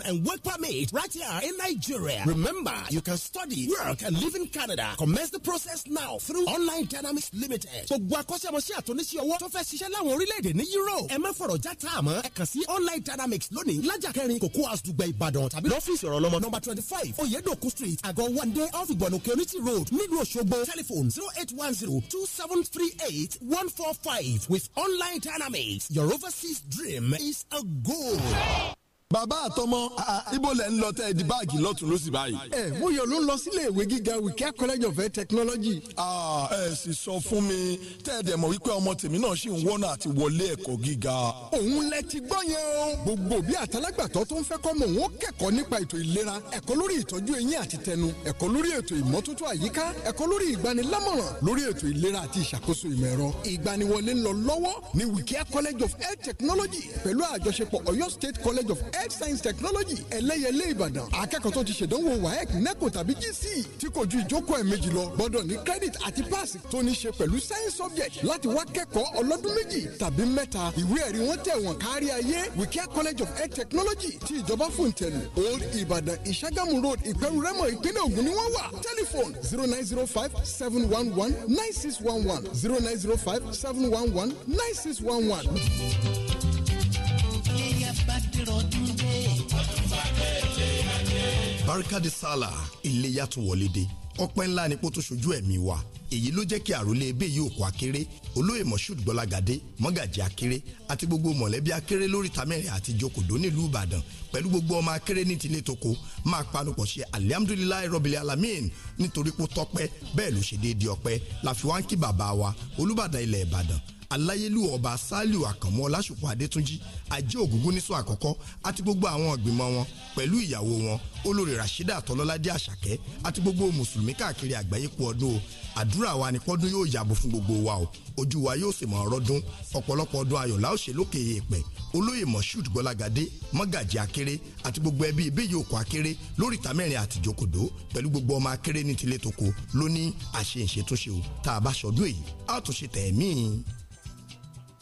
education and work permit right here in Nigeria. Remember, you can study, work, and live in Canada. Commence the process now through Online Dynamics Limited. Gbogbo akọ́ṣẹ́mọṣẹ́ àtúnṣe ọwọ́ tó fẹ́ ṣiṣẹ́ láwọn orílẹ̀-èdè ní Europe. Ẹ má fọ̀rọ̀ I tá a Online Dynamics Learning. lájà kẹrin Cocoa House Dubai, Ìbàdàn tàbí lọ́fíìsì ọ̀rọ̀ number number twenty five Oyedoku street I go one day off Ìgbọ̀nù Community road Negro Showbo. telephone zero eight one zero two seven three eight one four five with Online Dynamics your overseas dream is a goal. bàbá àtọmọ ibo lẹ ń lọ tẹ ẹ di báàgì lọtún lọsì báyìí. ẹ mo yọ ló ń lọ sílé ìwé gíga Wike college of technology. ẹ sì sọ fún mi tẹ́ ẹ dẹ̀ mọ̀ wípé ọmọ tèmi náà ṣì ń wọ́nà àti wọlé ẹ̀kọ́ gíga. òun lẹ ti gbọ́ yẹn o. gbogbo bí àtàlágbàtọ́ tó ń fẹ́ kọ́ mọ̀ òun ó kẹ́kọ̀ọ́ nípa ètò ìlera ẹ̀kọ́ lórí ìtọ́jú eyín àti tẹnu ẹ̀kọ́ lórí ètò ìmọ́tótó àyíká ẹ̀kọ́ lórí ìgbanilámọ̀ràn lórí ètò ìlera college of technology pẹ̀lú àjọṣepọ̀ Ọ̀yọ́ state college of health science technology ẹlẹ́yẹlé ìbàdàn akẹ́kọ̀ọ́ tó ti ṣèdánwò waec neco tàbí gc e, tí kò ju ìjókòó ẹ̀ méjì lọ gbọ́dọ̀ ní credit àti pass tó ní ṣe pẹ̀lú science subject láti wá kẹ́kọ̀ọ́ ọlọ́dún méjì tàbí mẹ́ta ìwé ẹ̀rí wọn tẹ̀ wọ́n kárí ayé wikea college of health technology ti ìjọba fòǹtẹ̀lù old ìbàdàn ìṣàgámù road ìpẹ̀rù rẹ́mọ ìpínlẹ̀ ògùn ni wọ́n wà tẹlifon zero nine zero five seven one one nine six one one zero nine zero five seven one one nine six one one. Barika de Sala iléyà tó wọlé dé ọpẹ́ ńlá ni kó tó ṣojú ẹ̀mí wa èyí ló jẹ́ kí àròlé ebé yìí òkú akéré olóyè moshood gbọ́lágadé mọ́gàjì akéré àti gbogbo mọ̀lẹ́bí akéré lóríta mẹ́rin àti jòkòdó nílùú ìbàdàn pẹ̀lú gbogbo ọmọ akéré ní tilé toko máa panupọ̀ ṣe alihamudulilayi rọ́bìlì alamin nítorí kó tọ́pẹ́ bẹ́ẹ̀ ló ṣe déédéé ọpẹ́ la fi wá ń kí bàbá wa olùbàdàn ilẹ̀ ìbàdàn aláyélú ọba sálíù àkànmọ́ ọlásùpọ̀ adétúnjì ajé ògúngún nísọ àkọ́kọ́ àti gbogbo àwọn ìgbìmọ̀ wọn pẹ̀lú ìyàwó wọn olórí rashida tọlọ́ládé àṣàkẹ́ àti gbogbo mùsùlùmí káàkiri àgbáyé kú ọdún o adura wa ni pọ́dún yóò yàbò fún gbogbo wa o ojú wa yóò sì mọ̀ ọ̀rọ̀ dún ọ̀pọ̀lọpọ̀ ọdún ayọ̀ la ó ṣe lókè èèpẹ̀ olóyè moshood gbọ́lágadé mọ́gàjì akéré àti gbogbo ẹbí ìbéyìí òkò akéré lórí ìta mẹ́rin àti ìjókòdó pẹ̀lú gbogbo ọmọ akéré ní tilé toko lóní àṣeyìnṣetúnṣe o tá a bá ṣọdún èyí á tún ṣe tẹ̀mí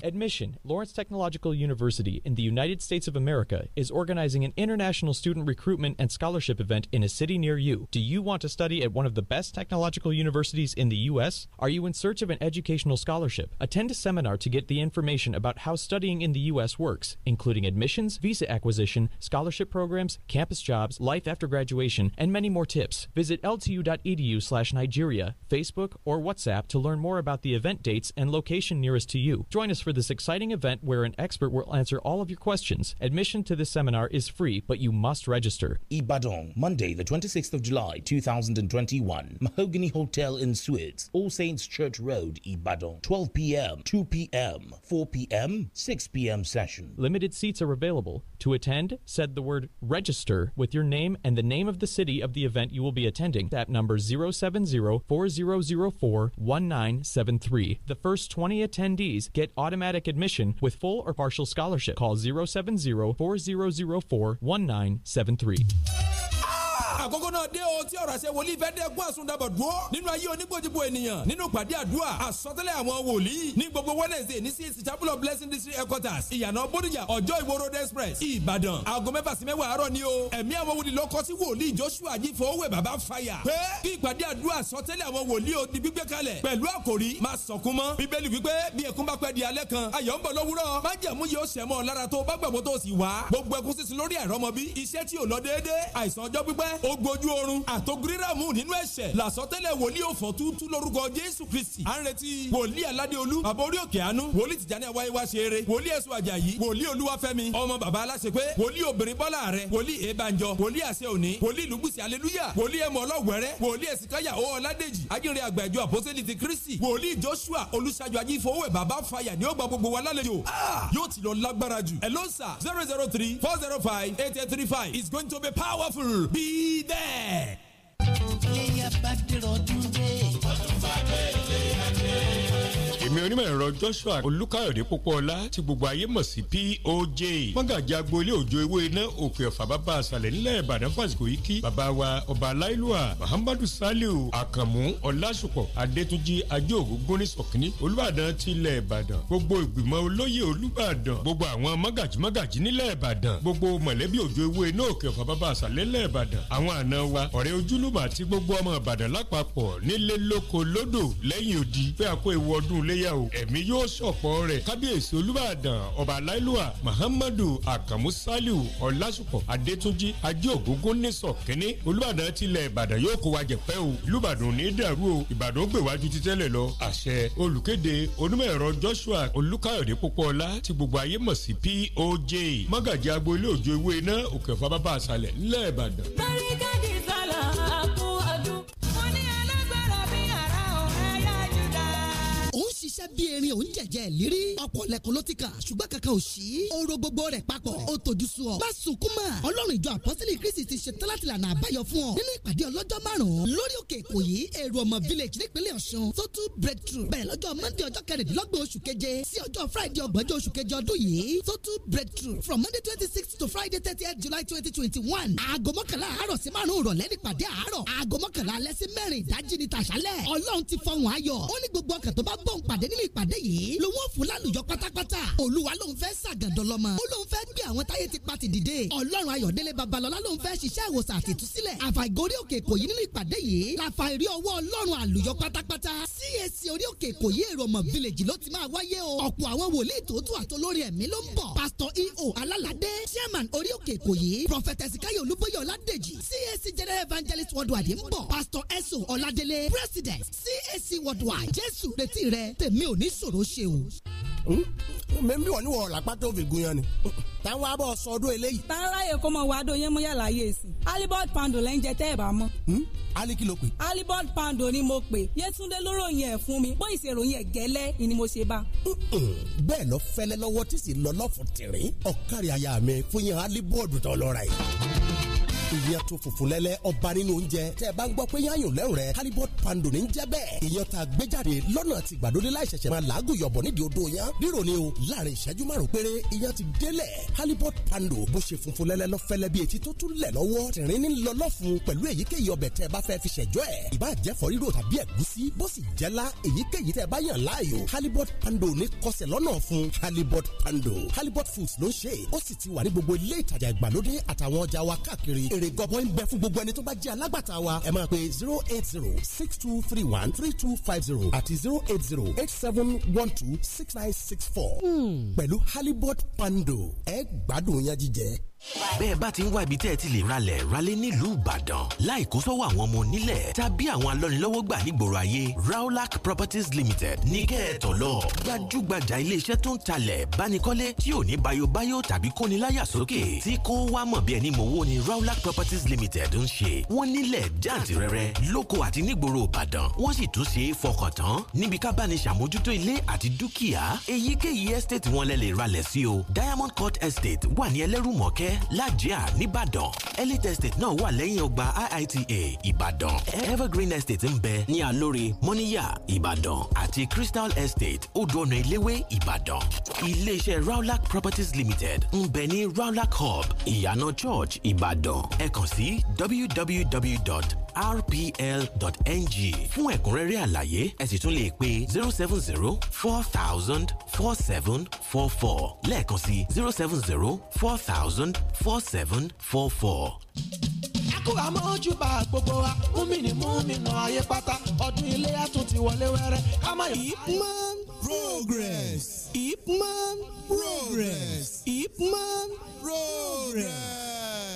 Admission Lawrence Technological University in the United States of America is organizing an international student recruitment and scholarship event in a city near you. Do you want to study at one of the best technological universities in the U.S.? Are you in search of an educational scholarship? Attend a seminar to get the information about how studying in the U.S. works, including admissions, visa acquisition, scholarship programs, campus jobs, life after graduation, and many more tips. Visit ltu.edu slash Nigeria, Facebook, or WhatsApp to learn more about the event dates and location nearest to you. Join us for for this exciting event where an expert will answer all of your questions. Admission to this seminar is free, but you must register. Ibadan, Monday, the 26th of July, 2021. Mahogany Hotel in Suits, All Saints Church Road, Ibadan. 12 p.m., 2 p.m., 4 p.m., 6 p.m. session. Limited seats are available. To attend, said the word register with your name and the name of the city of the event you will be attending. That number 070 4004 1973. The first 20 attendees get automatic automatic admission with full or partial scholarship. Call 070 4004 1973. àkókò náà dé o tí ọ̀rọ̀ àṣẹ wòlíì fẹ́ dé gún àsundàbọ̀ dúró nínú ayé onígbòjìbò ènìyàn nínú pàdé àdúrà àsọtẹ́lẹ̀ àwọn wòlíì ní gbogbo wednesday ní csc chapel of blessing district headquarters ìyànà bódìjà ọjọ́ ìwó road express ìbàdàn aago mẹ́fà sí mẹ́wàá àárọ̀ ni o ẹ̀mí àwọn wòlíì lọ́kọ́ sí wòlíì joshua jífọ́ òwe bàbá fàyà pé kí ìpàdé àdúrà àsọtẹ́lẹ̀ àwọn wòlíì o di gbígbé kalẹ̀ pẹ̀lú àkòrí máa sọ̀kún mọ́ bíbélì wípé bí ẹkún bá pẹ́ di alẹ́ kan ayọ̀ ń bọ̀ lówùrọ̀ májẹ̀mú yóò ṣẹ̀mọ́ lára tó bá gbàgbọ́ tó sì wá gbogbo ẹkún sísun lórí àìrọ́mọbí iṣẹ́ tí ò lọ déédéé àìsàn ọjọ́ pípẹ́ àtògbójú oorun àtògíríràmù nínú ẹ̀ṣẹ̀ làsọtẹ́lẹ̀ wòlíì òfò tútú lórúkọ jésù kristi à ń retí wòlíì aládéolú bàbá òkè àánú wòlíì tìjànì àwáyé wá ṣeré wòlíì ẹ̀sùn àjàyí wòlíì olúwafẹ́mi ọmọ bàbá aláṣepé wòlíì obìnrin bọ́lá rẹ wòlíì ebanjọ wòlíì àṣẹ òní wòlíì lùgbùsì aleluya wòlíì ẹmọ ọlọ́wẹ̀rẹ́ wòlíì ẹ̀sìkáyà ó ọládèjì ajínrere àgbà àpọ́sẹ́lì ti kristi wòlíì joshua olùṣàjò ajífowóẹ̀ bàbá fàyà ni ó gba gbogbo wa lálejò ah, yóò ti lọ lágbára jù ẹ̀ ló zero zero three four zero five eight eight three five it's going to be powerful bíi rí bẹ́ẹ̀. léyà bá dèrò ọdún èmi onímọ̀ ẹ̀rọ Joshua Olúkáyọ̀dé Pópóọlá tí gbogbo ayé mọ̀ sí POJ mọ́gàjà agboolé òjò ewé iná òkè ọ̀fà bàbá àṣàlẹ̀ nílẹ̀ Ìbàdàn fàṣìkò yìí kí bàbá wa ọba aláìlúwà Muhammadu Saliu Àkànmú Ọlásùpọ̀ Adétúnjì Ajóògùn Gbónísọ̀kíní Olúbàdàn ti ilẹ̀ Ìbàdàn gbogbo ìgbìmọ̀ olóyè Olúbàdàn gbogbo àwọn mọ́gàjì mọ́gàjì nílẹ̀ Ìbàdàn gbogbo mọ̀lẹ́bí òjò ewé iná òkè ọ̀fà bàbá àṣàlẹ̀ nílẹ̀ Ìbàdàn àwọn àna wa ọ̀rẹ́ ojúlùmọ̀ àti gbogbo ọmọ Ìbàdàn lápapọ̀ nílé lóko lódò lẹ́yìn odi pé àkó ewu ọdún léy yẹ o ẹ̀mí yóò ṣọ̀pọ̀ rẹ̀ kábíyèsí olúbàdàn ọba aláìlúwà muhammadu akamu saliu ọlásùpọ̀ adétúnjì ajé ògúngún nísọ̀ kínní olúbàdàn tilẹ̀ ìbàdàn yóò kó wa jẹ̀pẹ́ o olúbàdàn ní dàrú o ìbàdàn gbè wájú ti tẹ́lẹ̀ lọ àṣẹ olùkéde onímọ̀ ẹ̀rọ joshua olùkáyọ̀dé pópóọlá tí gbogbo ayé mọ̀ sí poj mọ́gàjì agbo ilé òjò ṣiṣẹ́ bí erin òun jẹ̀jẹ̀ ìlérí ọ̀pọ̀ lẹ́kọ̀ọ́ ló ti kà ṣùgbọ́n kankan ò sí oró gbogbo rẹ̀ papọ̀ ó tojú sú ọ. báṣu kúmà ọlọ́run ìjọ àpọ́sílẹ̀ kristi ti ṣe tẹ́lá tìlànà àbáyọ fún ọ nínú ìpàdé ọlọ́jọ́ márùn-ún lórí òkè ìkòyí èrò ọmọ village nípínlẹ̀ ọ̀ṣun sótú breakthrough bẹ̀rẹ̀ lọ́jọ́ monday ọjọ́ kẹrìndínlọ́gbọ̀n oṣù keje sí ọjọ́ friday ọgbọ̀njọ́ oṣù keje ọdún yìí sótú breakthrough from monday twenty six to friday thirty july twenty twenty one aago mọ́kànlá àárọ̀ sí márùn-ún ìrọ̀lẹ́ nípàdé àárọ̀ aago mọ́kànlá alẹ́ sí mẹ́rin ìdájí ni tàṣálẹ̀ ọlọ́run ti fọhùn ayọ̀ ó ní gbogbo ọkàn tó bá gbóhùn pàdé nínú ìpàdé yìí lòun ò fún lálùjọ pátápátá olúwa lòun fẹ́ ṣàgàdọ́lọ́mọ ó lòun fẹ́ gbé àwọn táyé ti pa ti dìde ọlọ́run ayọ̀délé babalọ́lá lòun fẹ́ ṣiṣẹ́ ìwòsàn àtìtúsílẹ̀ àfàìgórí òkè èkó yìí nínú ìpàdé yìí làfà ìrí ọwọ́ ọlọ́run àlùyọ pátápátá CAC orí òkè èkó yìí èrò ọmọ village ló ti máa wáyé o ọ̀pọ̀ àwọn wòlíì tòótọ́ àtolórí ẹ̀mí ló ń bọ̀ pastor eo alálàdé chairman orí òkè èkó yìí prophet esikayo olúbóyè ọládèjì CAC general evangelist worldwide ń bọ̀ pastor eso ọládélé president CAC worldwide jésù retí rẹ tèmi mi ò ní sọ̀rọ̀ ṣe o. mẹ́mí wọ̀ ní wọ̀ làpá tó fi gun yan ni táwọn abọ́ sọ ọdún eléyìí. tá a ráyè kó mọ wàádó yẹn mú yàrá yé sí. alibod pando lẹ́ ń jẹ tẹ́ ẹ̀ bá mọ́. Hmm? ali ló pè. alibod pando ni mo pè yétúndé lóròyìn ẹ̀ fún mi bó ìṣèròyìn ẹ̀ gẹ́lẹ́ ni mo ṣe bá. bẹ́ẹ̀ lọ fẹ́lẹ́ lọ́wọ́ tí sì lọ lọ́fọ̀ọ́ tẹ̀rín ọ̀kárí aya mi fún yẹn alibod tó lọ́ra yìí ìyẹn tó funfun lẹ́lẹ́ ọba nínú oúnjẹ tẹ́ ẹ bá ń gbọ́ pé yáyùn lẹ́rù rẹ halibut pando ní jẹ́ bẹ́ẹ̀ ìyẹn tá a gbé jáde lọ́nà ti gbàdúrà láìṣẹ̀ṣẹ̀ máa làágùn yọ̀bọ̀ nídìí odò yẹn rírò ni o láàrin ìṣẹ́jú márùn péré ìyẹn ti délẹ̀ halibut pando bó ṣe funfun lẹ́lẹ́ lọ fẹ́lẹ́ bí etí tó tún lẹ̀ lọ́wọ́ tìrín ní lọ́lọ́ fún pẹ̀lú èyíkéyìí ọbẹ̀ èrè gọbọi ń bẹ fún gbogbo ẹni tó bá jẹ́ alágbàtà wa ẹ máa pe zero eight zero six two three one three two five zero àti zero eight zero eight seven one two six nine six four hmm. pẹ̀lú halibut pando ẹ gbádùn yẹn jíjẹ bẹ́ẹ̀ bá ti ń wá ibi tẹ́ ẹ ti lè ralẹ̀ ralé nílùú ìbàdàn láì kó sọ́wọ́ àwọn ọmọ onílẹ̀ tàbí àwọn alọ́nilọ́wọ́ gbà nígboro ayé raulac properties limited ní kẹ́ẹ̀tọ́ lọ gbajúgbajà iléeṣẹ́ tó ń talẹ̀ bánikọ́lé tí ò ní bayobayo tàbí kóniláyà sókè tí kò wá mọ̀ bí ẹni mọ̀wó ni raulac properties limited ń ṣe wọ́n nílẹ̀ jàǹtìrẹrẹ lóko àti nígboro ìbàdàn wọ́n sì tún ṣe é fọkàn tán níbi ká bá ní ṣàmójútó ilé àti estate wọn lẹ lè ralẹ̀ diamond court estate wà ní jẹ́ lajia nìbàdàn elite estate náà wà lẹ́yìn ọgbà IITA ìbàdàn evergreen estate ń bẹ ní alórí mọ́níyà ìbàdàn àti crystal estate odòọ̀nà eléwé ìbàdàn iléeṣẹ́ Rawlac properties limited ń bẹ ní Rawlac hub ìyànà church ìbàdàn ẹ kàn sí www.rpl.ng fún ẹ̀kúnrẹ́rẹ́ àlàyé ẹ sì tún lè pe zero seven zero four thousand four seven four four lẹ́ẹ̀kan sí zero seven zero four thousand 4744. akúwà mọ́jú bá gbogbo wa múmìnì múmìnà ayé pátá ọdún ilé àtún ti wọlé wẹ́rẹ́ ká má yọ. Ipman progress Ipman progress Ipman progress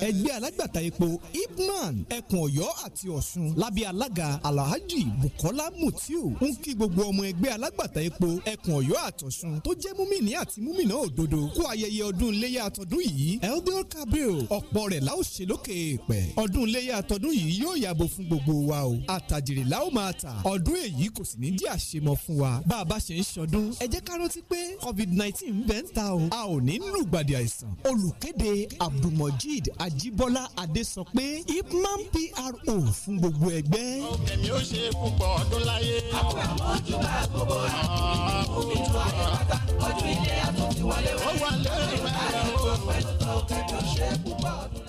ẹgbẹ́ alágbàtà epo ipman ẹkùn ọ̀yọ́ àti ọ̀ṣun lábẹ́ alága alhaji bukola mutiu ń kí gbogbo ọmọ ẹgbẹ́ alágbàtà epo ẹkùn ọ̀yọ́ àtọ̀ṣun tó jẹ́ múmìnì àti múmìnà òdodo kú ayẹyẹ ọdún iléyà àtọ̀dún yìí eldor cabrio ọ̀pọ̀ rẹ̀ la ṣe lókè èèpẹ̀ ọdún iléyà tọdún yìí yóò yàgò fún gbogbo wa o àtàjèrè la ó máa tà ọdún èyí kò sì ní jẹ́ àṣemọ fún wa bá a bá ṣe ń ṣọdún ẹ jẹ́ ká rántí pé covid nineteen bẹ́ẹ̀ ń ta o a ò ní lùgbàdì àìsàn olùkéde abdulmojid ajibola adé sọ pé ipman pro fún gbogbo ẹgbẹ́. ẹ̀mí ó ṣe púpọ̀ ọdún láyé. àwọn àmọ́ ojú bá gbogbo rẹ̀ òfin tó ayé pátá ọdún ilé àtúntì wọlé wọlé. ó wà lẹ́rù mẹ́rin ó pẹ̀lú tó kẹjọ ṣe púpọ̀ ọdún.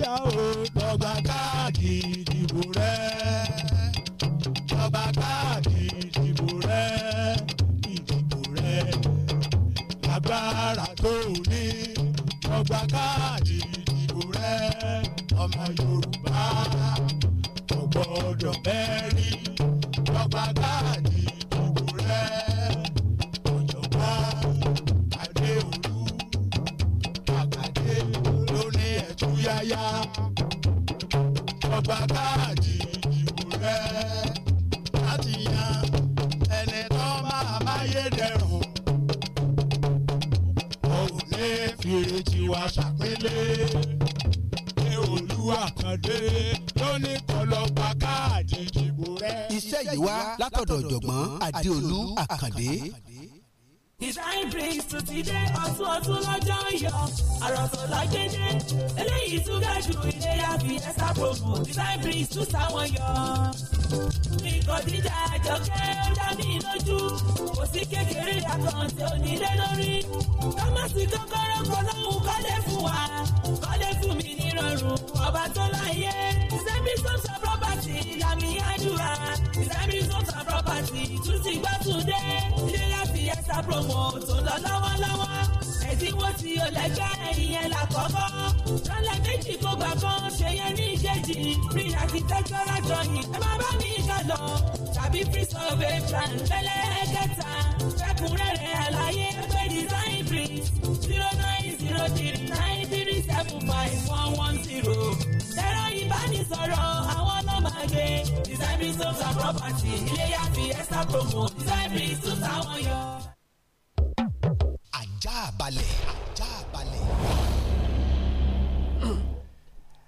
yá o lọ́gbà káàdì ìdìbò rẹ lọ́gbà káàdì ìdìbò rẹ ìdìbò rẹ lágbára tó ní lọ́gbà káàdì ìdìbò rẹ ọmọ Yorùbá kò gbọdọ̀ rí lọ́gbà káàdì. aya ọba káàdì ìdìbò rẹ láti yan ẹni tó máa máyé dẹrùn òun ní fèrè tiwa ṣàpínlẹ̀ ní olúwa kan dé lónìí káàdì ìdìbò rẹ. iṣẹ́ yìí wá látọ̀dọ̀ ọ̀jọ̀gbọ́n adéolú àkàndé breeze tó ti dé ọ̀tún ọ̀tún lọ́jọ́ yọ àrọ̀ tó lágbédé eléyìí tún ga jù ìléyà fi ẹ̀sà promo design breeze tún sáwọn yọ. nǹkan jíjà àjọkẹ́ ó dá mi lójú kò sí kékeré àkàǹtì onílé lórí kámásì kọ́kọ́rọ́ kan lóhùn kọ́lé fún wa kọ́lé fún mi nírọ̀rùn ọba tó láyé sẹ́mi sọ́sọ́ property làmì àdúrà sẹ́mi sọ́sọ́ property tún ti gbọ́ tún dé ilé extra promo tó lọ lọ́wọ́lọ́wọ́ ẹ̀dínwó tí o lè gbà ìyẹn là kọ́kọ́ lọ́lẹ̀ méjì kó gbà kan ṣe yẹn ní ìkejì free architectural drawing ẹ má bá mi kà lọ tàbí free survey plan lẹ́lẹ́kẹta fẹ́kúnrẹ́rẹ́ àlàyé pé design print zero nine zero three nine three seven five one one zero ẹ̀rọ ìbánisọ̀rọ̀ àwọn ọlọ́màgbé design print homes property ilé yàtì extra promo design print tún táwọn yọ ajá balẹ̀. ajá balẹ̀.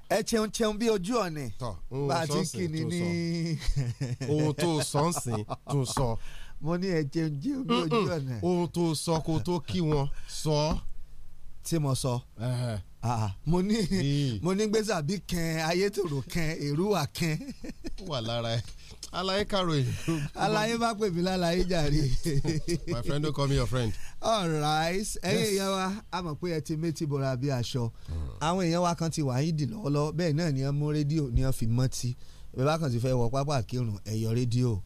ẹ cheun cheun bí ojú ọ̀nì bá a ti kì ní ní. ohun tó sọ ń sìn tó sọ. mo ní ẹ cheun cheun bí ojú ọ̀nì. ohun tó sọ kó tó kí wọn sọ. tí mo sọ. Ah, mo ní mo ní gbèsè àbí kẹ́n ayétòrò kẹ́n èrúwà kẹ́n. wà lára ẹ alaye karoyin. alaye bá pè mí lálàyé jàre. my friend don call me your friend. alright ẹyin èèyàn wa a mọ̀ pé ẹ ti méjì bọ̀ra bí aṣọ àwọn èèyàn wa kan ti wà yín dì lọ́wọ́lọ́wọ́ bẹ́ẹ̀ náà ni wọ́n mú rédíò ni wọ́n fi mọ́ ti bẹ́ẹ̀ bá kàn ti fẹ́ wọ pápá kírun ẹ̀yọ rédíò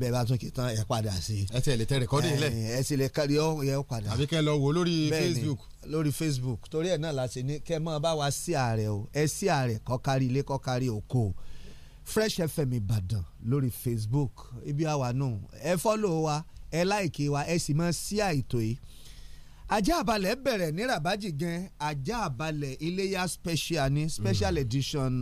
bẹ́ẹ̀ bá tún kì í tán ẹ padà sí. ẹ ti lè tẹ rẹkọdì ilẹ̀. ẹ ti lè kárí ọ yẹ padà. àbí lọ wo lórí facebook. lórí facebook torí ẹ náà la ṣe ní kẹ́ mọ bá wa sí ààrẹ o ẹ sí ààrẹ kọkárí ilé kọkárí òkò fresh fm ìbàdàn lórí facebook ibi àwa náà ẹ fọ́lọ̀ wa ẹ láìkí wa ẹ sì máa sí àìtó yìí ajá àbálẹ̀ bẹ̀rẹ̀ ní rabaji gan ajá àbálẹ̀ iléyà special ni special mm. edition